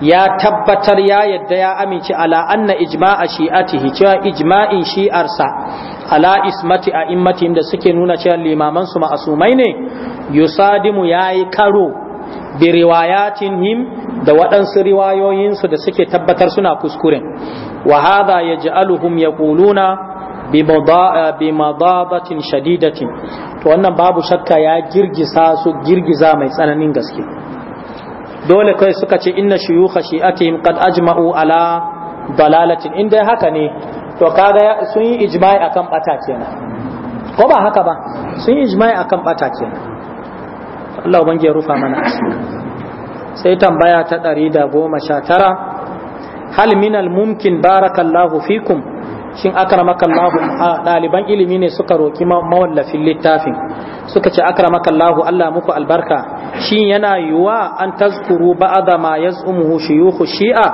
Speaker 1: ya tabbatar ya yadda ya amince ala anna ijma'a shi'atihi cewa ijma'in shi'arsa ala ismati a immatin da suke nuna cewa limaman su ma'asumai ne yusadimu yayi karo bi riwayatin him da waɗansu riwayoyinsu da suke tabbatar suna kuskuren wa hadha yaj'aluhum yaquluna bi madabatin shadidatin to wannan babu shakka ya girgiza su girgiza mai tsananin gaske dole kai suka ce inna shuyukha shi'atihim qad ajma'u ala dalalatin in dai haka ne to kaga sun yi ijma'i akan bata kenan ko ba haka ba sun yi ijma'i akan bata kenan Allah ubangi ya rufa mana sai tambaya ta 119 hal minal mumkin barakallahu fikum shin akramakallahu ɗaliban ilimi ne suka roki mawallafin littafin suka ce akramakallahu Allah muku albarka shin yana yiwa an tazkuru ba'da ma yazumuhu shuyukhu shi'a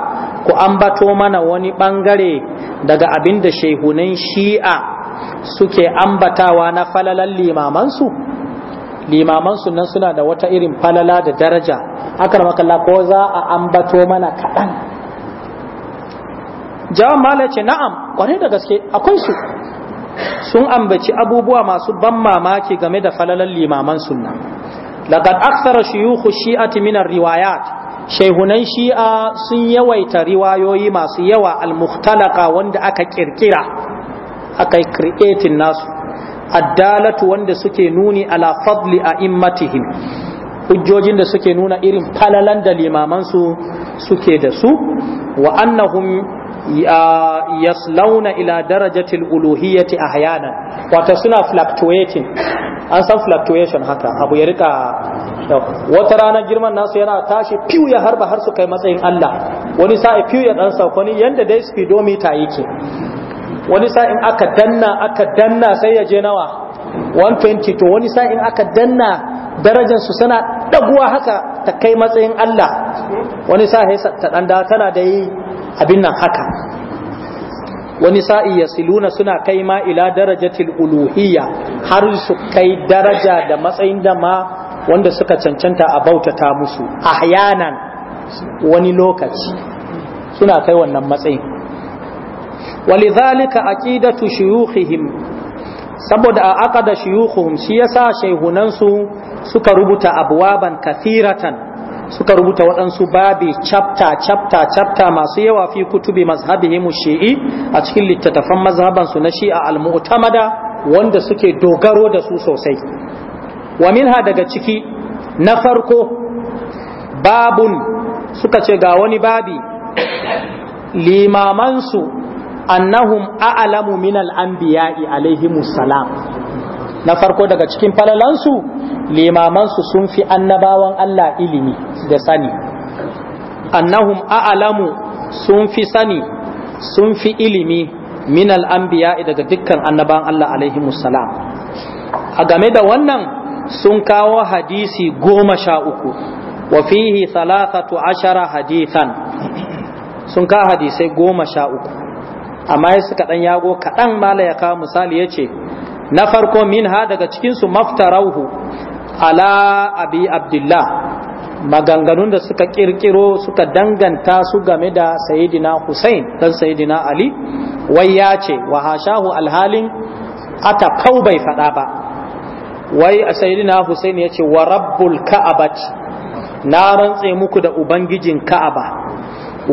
Speaker 1: ku ambato mana wani bangare daga abin da shehunan shi'a suke ambatawa na falalan limamansu limamansu nan suna da wata irin falala da daraja akramakallahu ko za a ambato mana kaɗan jawan malar ce na'am kwarai da gaske akwai su sun ambaci abubuwa masu ban mamaki game da falalan limaman sunna laqad akthara shuyukhu shi'ati min riwayat shaihunan shi'a sun yawaita riwayoyi masu yawa al muhtalaka wanda aka kirkira aka creating nasu addalatu wanda suke nuni ala fadli a'immatihim hujjojin da suke nuna irin falalan da limaman su suke da su wa annahum yaslauna ila darajatil uluhiyyati ahyana wato suna fluctuating an san fluctuation haka abu ya rika wata rana girman nasu yana tashi fiw ya harba har su kai matsayin Allah wani sa'i fiw ya dan sauko ni yanda dai speedometer yake wani sa'in aka danna aka danna sai ya je nawa 120 to wani sa'in aka danna darajar su suna daguwa haka ta kai matsayin Allah wani sa'in ta dan da tana da yi abin nan haka wani sa'i ya siluna suna kai ma ila darajatil uluhiyya har su kai daraja da matsayin da ma wanda suka cancanta a bautata musu ahyanan wani lokaci suna kai wannan matsayin walidhalika aqidatu shuyukhihim saboda a aqada shuyukhuhum shi yasa shaihunansu suka rubuta abwaban kathiratan suka rubuta waɗansu babi chapter chapter chapter masu yawa fi kutubi mazhabihim shi'i a cikin littattafan mazhaban su na shi'a al-mu'tamada wanda suke dogaro da su sosai wa minha daga ciki na farko babun suka ce ga wani babi limamansu annahum a'lamu min al-anbiya'i alaihimus salam na farko daga cikin falalansu limamansu sun fi annabawan Allah ilimi da sani annahum a'lamu sun fi sani sun fi ilimi min al-anbiya daga dukkan annabawan Allah alaihi musallam a game da wannan sun kawo hadisi goma sha uku wa fihi salatatu ashara hadithan sun kawo hadisai goma sha uku amma ya suka dan yago kaɗan mala kawo misali yace na farko minha daga cikinsu maftarauhu ala abi abdullah maganganun da suka kirkiro suka danganta su game da sayidina Husain dan sayidina Ali wai ya ce wa hashahu alhalin ata kau bai faɗa ba wai sayidina Hussein ya ce wa rabbul ka'abat na rantse muku da ubangijin ka'aba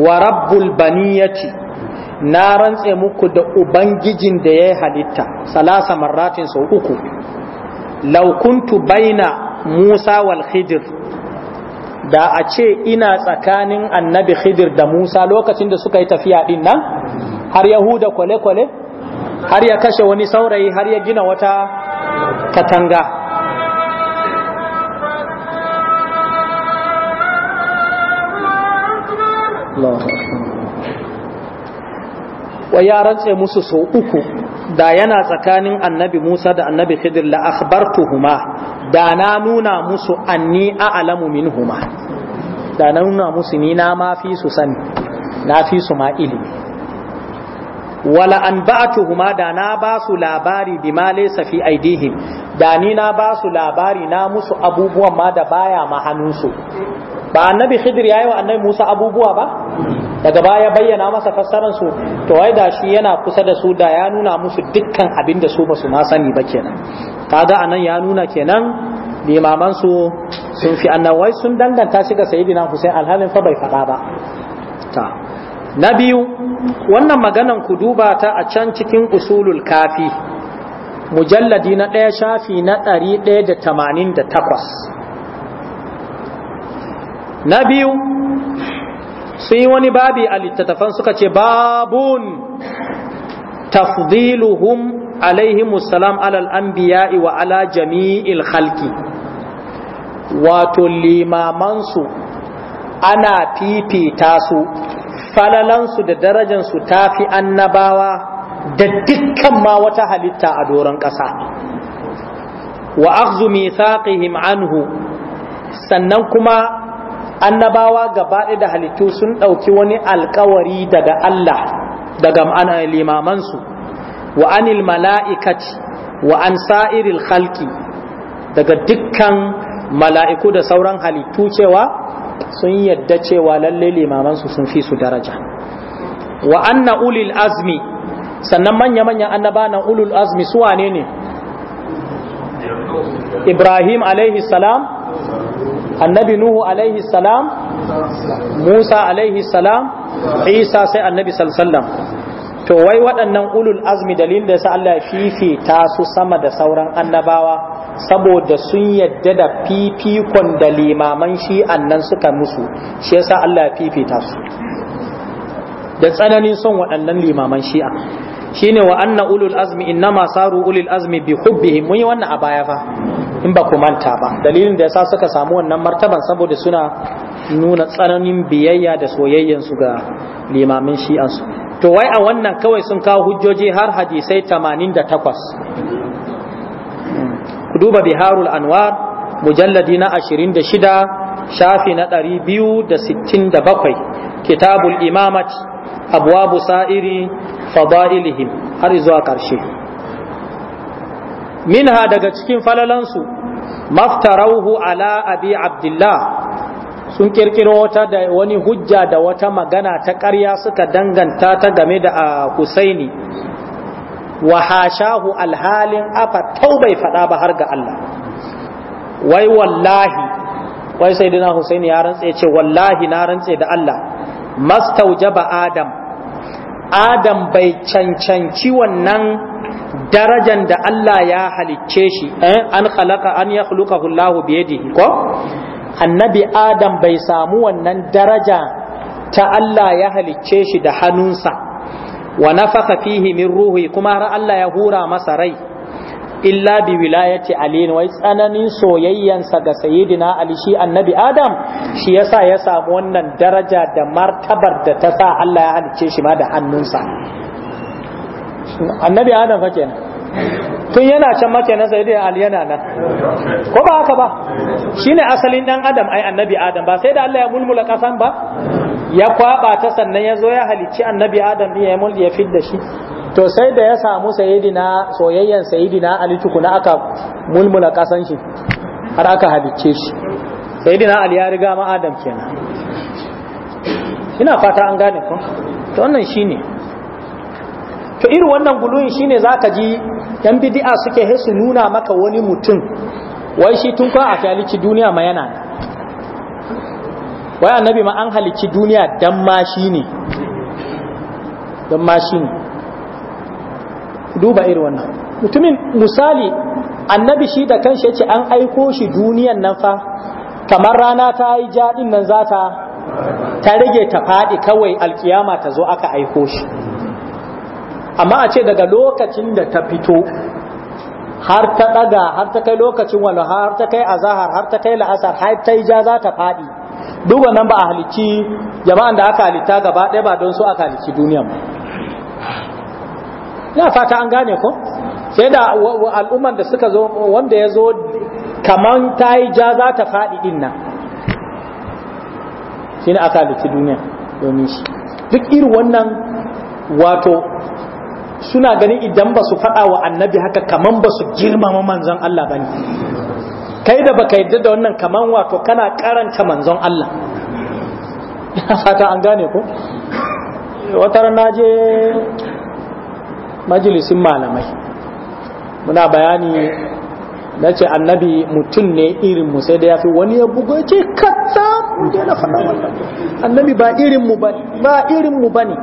Speaker 1: wa rabbul baniyati na rantse muku da ubangijin da ya halitta salasa marratin sau uku laukuntu baina musa wal khidir da a ce ina tsakanin annabi khidir da musa lokacin da suka yi tafiya din nan har yahuda kwale-kwale har ya kashe wani saurayi har ya gina wata katanga Allah wa ya rantse musu so uku da yana tsakanin annabi Musa da annabi Khidir la akhbartuhuma da na nuna musu anni a'lamu minhuma da na nuna musu ni na ma fi su sani na fi su ma ilimi wala an ba'atuhuma da na ba su labari bi ma laysa fi aidihim da ni na ba su labari na musu abubuwan ma da baya ma hannunsu ba annabi khidir yayi wa annabi Musa abubuwa ba daga baya bayyana masa fassaran su to wai da shi yana kusa da su da ya nuna musu dukkan abin da su ba su ma sani ba kenan kaga anan ya nuna kenan limaman su sun fi annawai sun danganta shi ga sayyidina Hussein alhalin fa bai faɗa ba ta na biyu wannan maganan ku duba ta a can cikin usulul kafi mujalladi na ɗaya shafi na ɗari ɗaya da tamanin da takwas na biyu sun yi wani babi a littattafan suka ce babun tafdiluhum alaihimu salam alal anbiya'i wa ala jami'il halki wato limamansu ana fifita su falalansu da darajansu ta fi annabawa da dukkan ma wata halitta a doron ƙasa wa akhzu mithaqihim anhu sannan kuma annabawa gabaɗaya da halittu sun ɗauki wani alkawari daga Allah daga limamansu wa anil mala'ikati wa an sa'iril halki daga dukkan mala'iku da sauran halittu cewa sun yadda cewa lalle limamansu sun fi su daraja wa anna ulil azmi sannan manya-manyan annaba na ulul azmi su wane ne ibrahim alaihi salam annabi nuhu alaihi salam musa alaihi salam isa sai annabi sallallahu to wai waɗannan ulul azmi dalilin da sa Allah fifita su sama da sauran annabawa saboda sun yadda da fifikon da limaman shi annan suka musu shi yasa Allah fifita su da tsananin son waɗannan limaman shi'a shine wa anna ulul azmi innama saru ulul azmi bi hubbihim mun yi wannan a baya fa in ba ku manta ba dalilin da yasa suka samu wannan martaban saboda suna nuna tsananin biyayya da soyayyen su ga limamin shi'an su to wai a wannan kawai sun kawo hujjoji har hadisai 88 ku duba biharul anwar mujalladi na 26 shafi na 267 kitabul imamati abwabu sa'iri fada'ilihim har zuwa karshe minha daga cikin falalansu maftarauhu ala abi abdullah sun kirkiro wata da wani hujja da wata magana ta ƙarya suka danganta ta game da ah, Husaini wa hashahu alhalin afa tau bai faɗa ba har ga Allah wai wallahi wai sai dina Husaini ya rantse ce wallahi na rantse da Allah mastaujaba adam adam bai cancanci wannan darajan da Allah ya halicce shi eh? an khalaqa an yakhluqahu Allahu biyadihi ko annabi adam bai samu wannan daraja ta Allah ya halicce shi da hannunsa wa nafaka fihi min ruhi kuma har Allah ya hura masa rai illa bi wilayati ali wai tsananin soyayyansa ga sayyidina ali shi annabi adam shi yasa ya samu wannan daraja da martabar da ta sa Allah ya halice shi ma da hannunsa annabi adam fa kenan tun yana can make na sai dai aliyana nan ko ba haka ba shine asalin dan adam ai annabi adam ba sai da Allah ya mulmula kasan ba ya kwaba ta sannan ya zo ya halicci annabi adam din ya mulki ya fidda shi to sai da ya samu sayidina soyayyen sayidina ali tukuna aka mulmula kasan shi har aka halicce shi sayidina ali ya riga ma adam kenan ina fata an gane ko to wannan shine to irin wannan guluyin shine zaka ji yan bidi'a suke hesu nuna maka wani mutum wai shi tun kwa a halicci duniya ma yana wai annabi ma an halicci duniya dan ma shi ne dan ma shi ne duba irin wannan mutumin misali annabi shi da kanshi yace an aiko shi duniyan nan fa kamar rana ta yi jaɗin nan za ta ta rage ta faɗi kawai alkiyama ta zo aka aiko shi amma a ce daga lokacin da ta fito har ta daga har ta kai lokacin wala har ta kai azahar har ta kai la'asar har ta yi ja za ta faɗi duk wannan ba a halicci jama'an da aka halitta gaba ɗaya ba don su aka halicci duniyan ba ya fata an gane ko sai da al'umman da suka zo wanda ya zo kaman ta yi ja za ta faɗi ɗin nan shi ne aka halitta duniya domin shi duk irin wannan wato suna ganin idan ba su faɗa wa annabi haka kaman ba su girmama manzon Allah bane kai da baka yadda da wannan kaman wato kana karanta manzon Allah Ya fata an gane ko watar na je majalisin malamai muna bayani na ce annabi mutum ne irin mu sai da ya fi wani ya bugo ce katsa mu na faɗa wannan annabi ba irin mu ba irin bane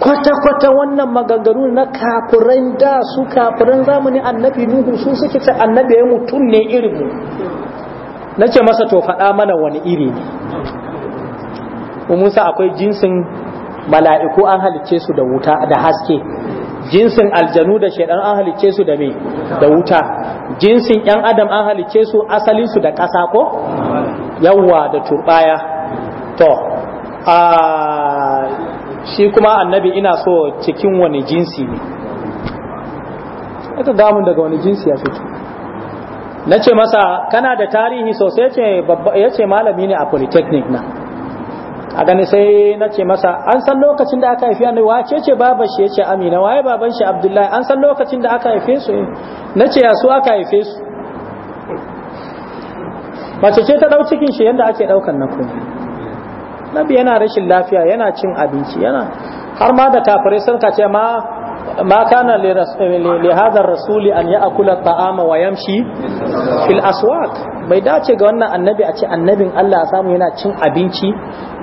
Speaker 1: kwata-kwata wannan magagaru na kafiran da su kafiran zamani annabi nuhu su suke ta annabi ya mutum ne irin mu nace masa to faɗa mana wani iri ne musa akwai jinsin mala'iku an halicce su da wuta da haske jinsin aljanu da shaidan an halicce su da me da wuta jinsin yan adam an halicce su asalin su da ƙasa ko yawwa da turbaya to a shi kuma annabi ina so cikin wani jinsi ne ita damun daga wani jinsi ya fito na ce masa kana da tarihi sosai ya ce malami ne a polytechnic na a gani sai na ce masa an san lokacin da aka haifi annabi wace ce baban shi ya ce amina waye baban shi abdullahi an san lokacin da aka haife su na ce ya su aka haife su mace ce ta ɗau cikin shi yadda ake ɗaukan na kuma nabi yana rashin lafiya yana cin abinci yana har ma da kafirai sun ce ma ma kana eh, li hadha rasuli an ya'kula ta'ama wa yamshi fil aswaq bai dace ga wannan annabi a ce annabin Allah samu yana cin abinci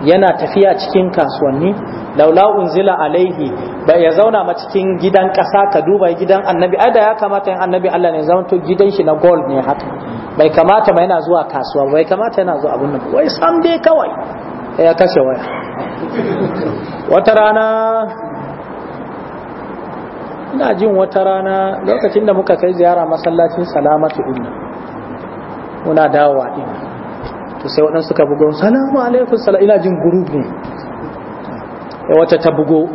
Speaker 1: yana tafiya cikin kasuwanni laula unzila alaihi ba ya zauna ma cikin gidan ƙasa ka duba gidan annabi ai da ya kamata yin annabi Allah ne zama to gidan shi na gold ne haka bai kamata ma yana zuwa kasuwa bai kamata yana zuwa abun nan wai sam dai kawai ya kashe waya wata rana ina jin wata rana lokacin da muka kai ziyara masallacin salamatu inna muna dawowa din to sai waɗansu suka bugo salamu alaikum sala ina jin gurub ne wata ta bugo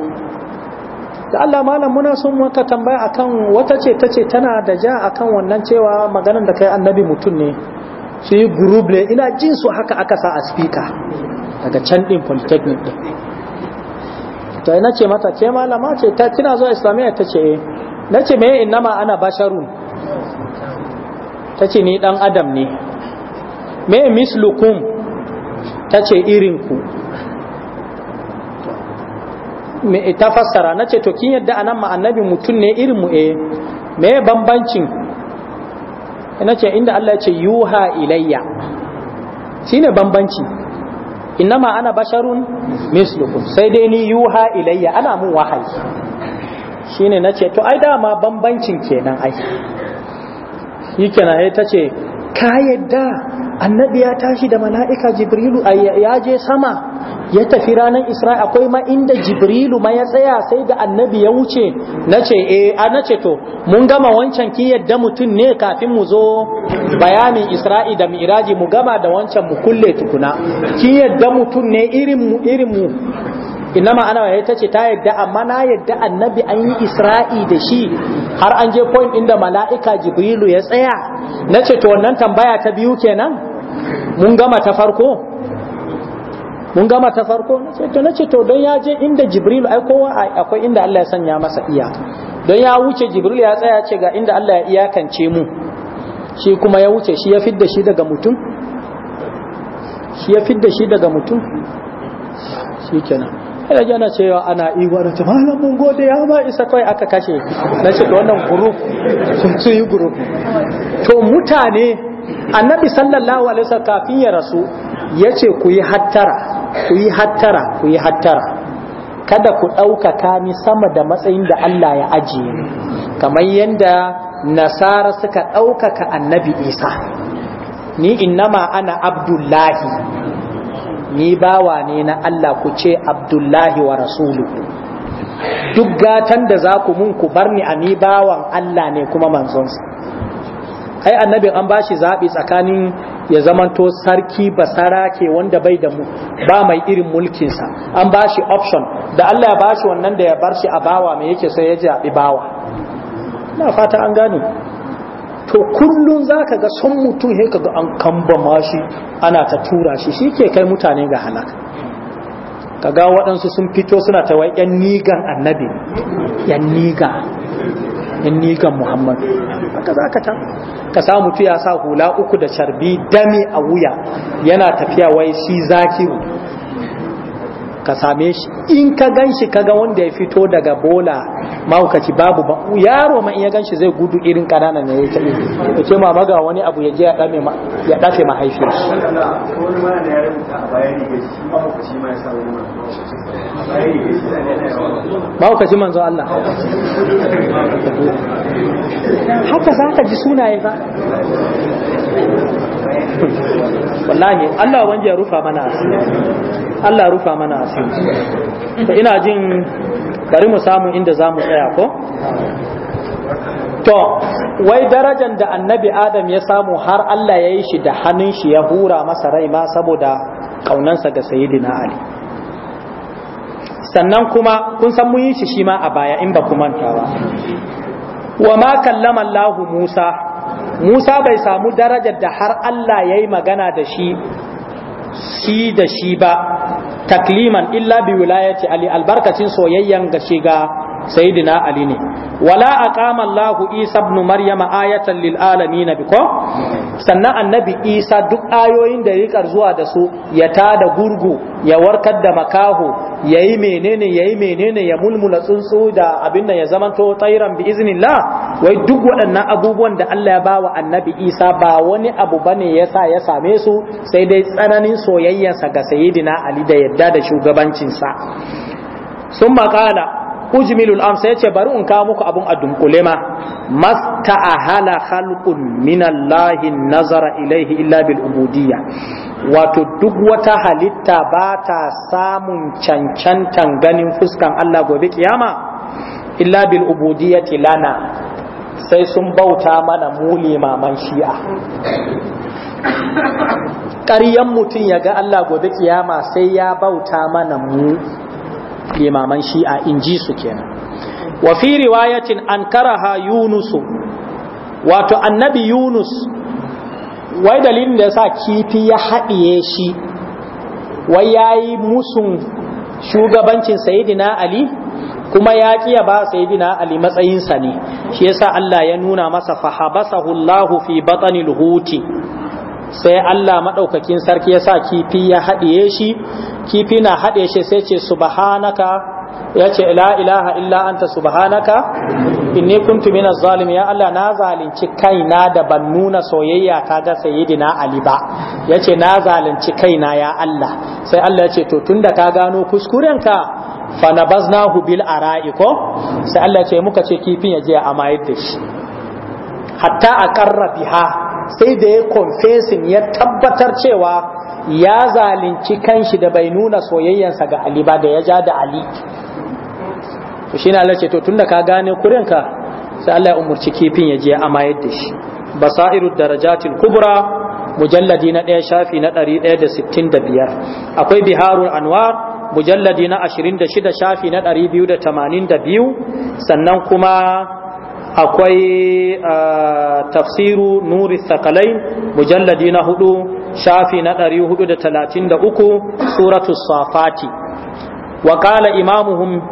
Speaker 1: da Allah malam muna son wata tambaya akan wata ce tace tana da ja akan wannan cewa maganar da kai annabi mutum ne sai yi group ne ina jin su haka aka sa a speaker daga can din polytechnic din to ina ce mata ke malama ce ta kina zuwa islamiyya ta ce eh. na ce me ma ana basharun ta ce ni dan adam ne me mislukum ta ce irinku ta fassara na ce to kin yadda anan ma mutum ne irinmu e eh. me bambancin ina ce inda Allah ce yuha ilayya shine bambanci innama ana basharun mislukum sai dai ni yuha ilayya ana mun wahayi shine nace to ai dama bambancin kenan ai yikenan ai tace ka yadda annabi ya tashi da mala'ika jibrilu ya je sama ya tafi ranar Isra'i akwai ma inda Jibrilu ma ya tsaya sai da annabi ya wuce na ce eh nace to mun gama wancan ki yadda mutum ne kafin mu zo bayanin Isra'i da Mi'raji mu gama da wancan mu kulle tukuna ki yadda mutum ne irin mu irin mu inama ana ya tace ta yadda amma na yadda annabi an yi Isra'i da shi har an je point inda mala'ika Jibrilu ya tsaya na ce to wannan tambaya ta biyu kenan mun gama ta farko mun gama ta farko na ce to don ya je inda jibril ai kowa akwai inda Allah ya sanya masa iyaka don ya wuce jibril ya tsaya ce ga inda Allah ya iyakance mu shi kuma ya wuce shi ya fidda shi daga mutum shi ya fidda shi daga mutum shi kenan ya jana cewa ana iwa da ta malam mun gode ya ma isa kai aka kashe na ce da wannan group sun sun yi group to mutane annabi sallallahu alaihi wasallam kafin ya rasu yace ku yi hattara ku yi hattara ku yi hattara kada ku ɗaukaka ni sama da matsayin da Allah ya ajiye ni kamar yadda nasara suka ɗaukaka annabi isa ni innama ana abdullahi ni bawa ne na Allah ku ce abdullahi wa rasulu duk gatan da za ku mun ku barni ni a ni bawan Allah ne kuma manzonsa ai annabin an bashi zaɓi tsakanin ya zamanto sarki basara ke wanda bai da mu ba mai irin mulkin sa an bashi option da Allah ya bashi wannan da ya bar shi a bawa me yake sai ya jabi bawa ina fata an gane to kullum zaka ga son mutum he ka an kamba mashi ana ta tura shi shi ke kai mutane ga halaka kaga waɗansu sun fito suna ta wai nigan annabi yan nigan in ni kan muhammad haka za ka ta ka samu ya sa hula uku da carbi dami a wuya yana tafiya wai shi zakiru ka same shi in ka gan shi kaga wanda ya fito daga bola maukaci babu ba yaro ma in ya gan shi zai gudu irin kanana ne ya tabi ya ce mama ga wani abu ya je ya dame ya dafe mahaifin shi manzo Allah haka za ka ji sunaye ba wallahi Allah wanda ya rufa mana Allah rufa mana asiri to ina jin bari mu samu inda zamu tsaya ko to wai darajar da annabi adam ya samu har Allah ya yi shi da hannun shi ya hura masa rai ma saboda kaunansa ga sayidina ali sannan kuma kun san mun yi shi shi ma a baya in ba ku manta ba wa ma kallama Allah Musa Musa bai samu darajar da har Allah ya yi magana da shi shi da shi ba takliman illa bi wilayati ali albarkacin soyayyan ga shiga sayyidina ali ne wala aqama allah isa ibn maryam ayatan lil alamin biko sannan annabi isa duk ayoyin da rikar zuwa da su ya tada gurgu ya warkar da makaho yayi menene yayi menene ya mulmula tsuntsu da abin da ya zamanto tsairan bi iznillah wai duk waɗannan abubuwan da Allah ya bawa annabi isa ba wani abu bane yasa ya same su sai dai tsananin soyayyarsa ga sayyidina ali da yadda da shugabancinsa sun maƙala ujmilul amsa yace bari in kawo muku abun a dunkule ma ahala khalqun minallahi nazara ilaihi illa bil ubudiyya wato duk wata halitta ba ta samun cancantan ganin fuskan Allah gobe kiyama illa bil ubudiyyati lana sai sun bauta mana muli maman shi'a ƙaryan mutum ya ga Allah gobe kiyama sai ya bauta mana mu limaman shi'a in ji su kenan wa fi riwayatin an karaha yunusu wato annabi yunus wai dalilin da yasa kifi ya haɗiye shi wai ya yi musun shugabancin sayidina ali kuma ya ƙiya ba sayidina ali matsayinsa ne shi yasa Allah ya nuna masa fahabasahu Allahu fi batanil huti sai Allah maɗaukakin sarki ya sa kifi ya haɗiye shi kifi na haɗe shi sai ce subhanaka ya ce la ilaha illa anta subhanaka inni kuntu minaz zalim ya Allah na zalunci kaina da ban nuna soyayya ta ga sayyidina Ali ba Yace na zalunci kaina ya Allah sai Allah yace ce to tunda ka gano kuskurenka fa nabaznahu bil araiko sai Allah ya ce muka ce kifin ya je a mayar da shi hatta a karrabiha sai da ya confessing ya tabbatar cewa ya zalunci kanshi da bai nuna soyayyansa ga Ali ba da ya ja da Ali to shine Allah ce to tunda ka gane kurinka sai Allah ya umurci kifin ya je amayar da shi basairu darajatil kubra mujalladi na 1 shafi na 165 akwai biharul anwar mujalladi na 26 shafi na 282 sannan kuma akwai tafsiru nuri sakalai mujalladi na hudu shafi na ɗari hudu da talatin da uku suratu safati wa kala imamuhum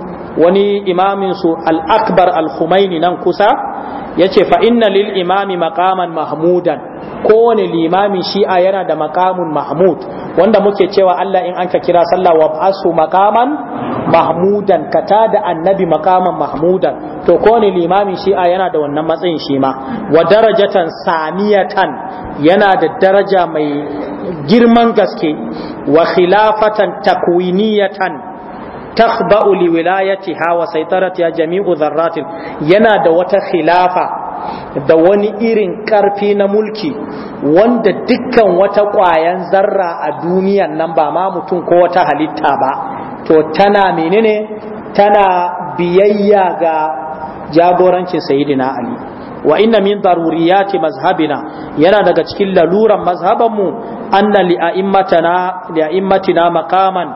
Speaker 1: wani imaminsu al'akbar al-humaini nan kusa yace fa fa'inna lil imami makaman mahmudan kowane limamin shi'a yana da makamun mahmud wanda muke cewa Allah in anka kira sallah wa makaman mahmudan ka da annabi makaman mahmudan to kowane limamin shi'a yana da wannan matsayin shi ma wa darajatan samiyatan yana da daraja mai girman gaske wa khilafatan takwiniyatan تخضأ لولايتها وسيطرتها jami'u ذرات yana da wata khilafa da wani irin ƙarfi na mulki wanda dukkan wata ƙwayan zarra a duniyan nan ba ma mutum ko wata halitta ba to tana menene tana biyayya ga jagorancin sayidina ali wa inna min daruriyati mazhabina yana daga cikin laluran mazhabanmu anna li a'immatina li maqaman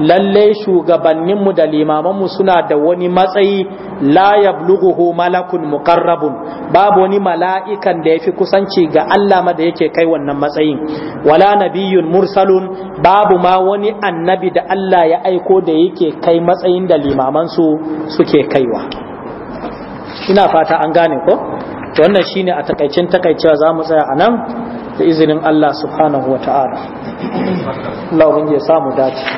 Speaker 1: Lallai shugabanninmu da limamanmu suna da wani matsayi la yablughuhu malakun muqarrabun babu wani mala'ikan da yafi kusanci ga Allah ma da yake kai wannan matsayin wala nabiyyun mursalun babu ma wani annabi da Allah ya aiko da yake kai matsayin da limamansu suke kaiwa ina fata an gane ko to wannan shine a takaicin takaicewa za mu tsaya a nan da izinin Allah subhanahu wa ta'ala Allah ya samu dace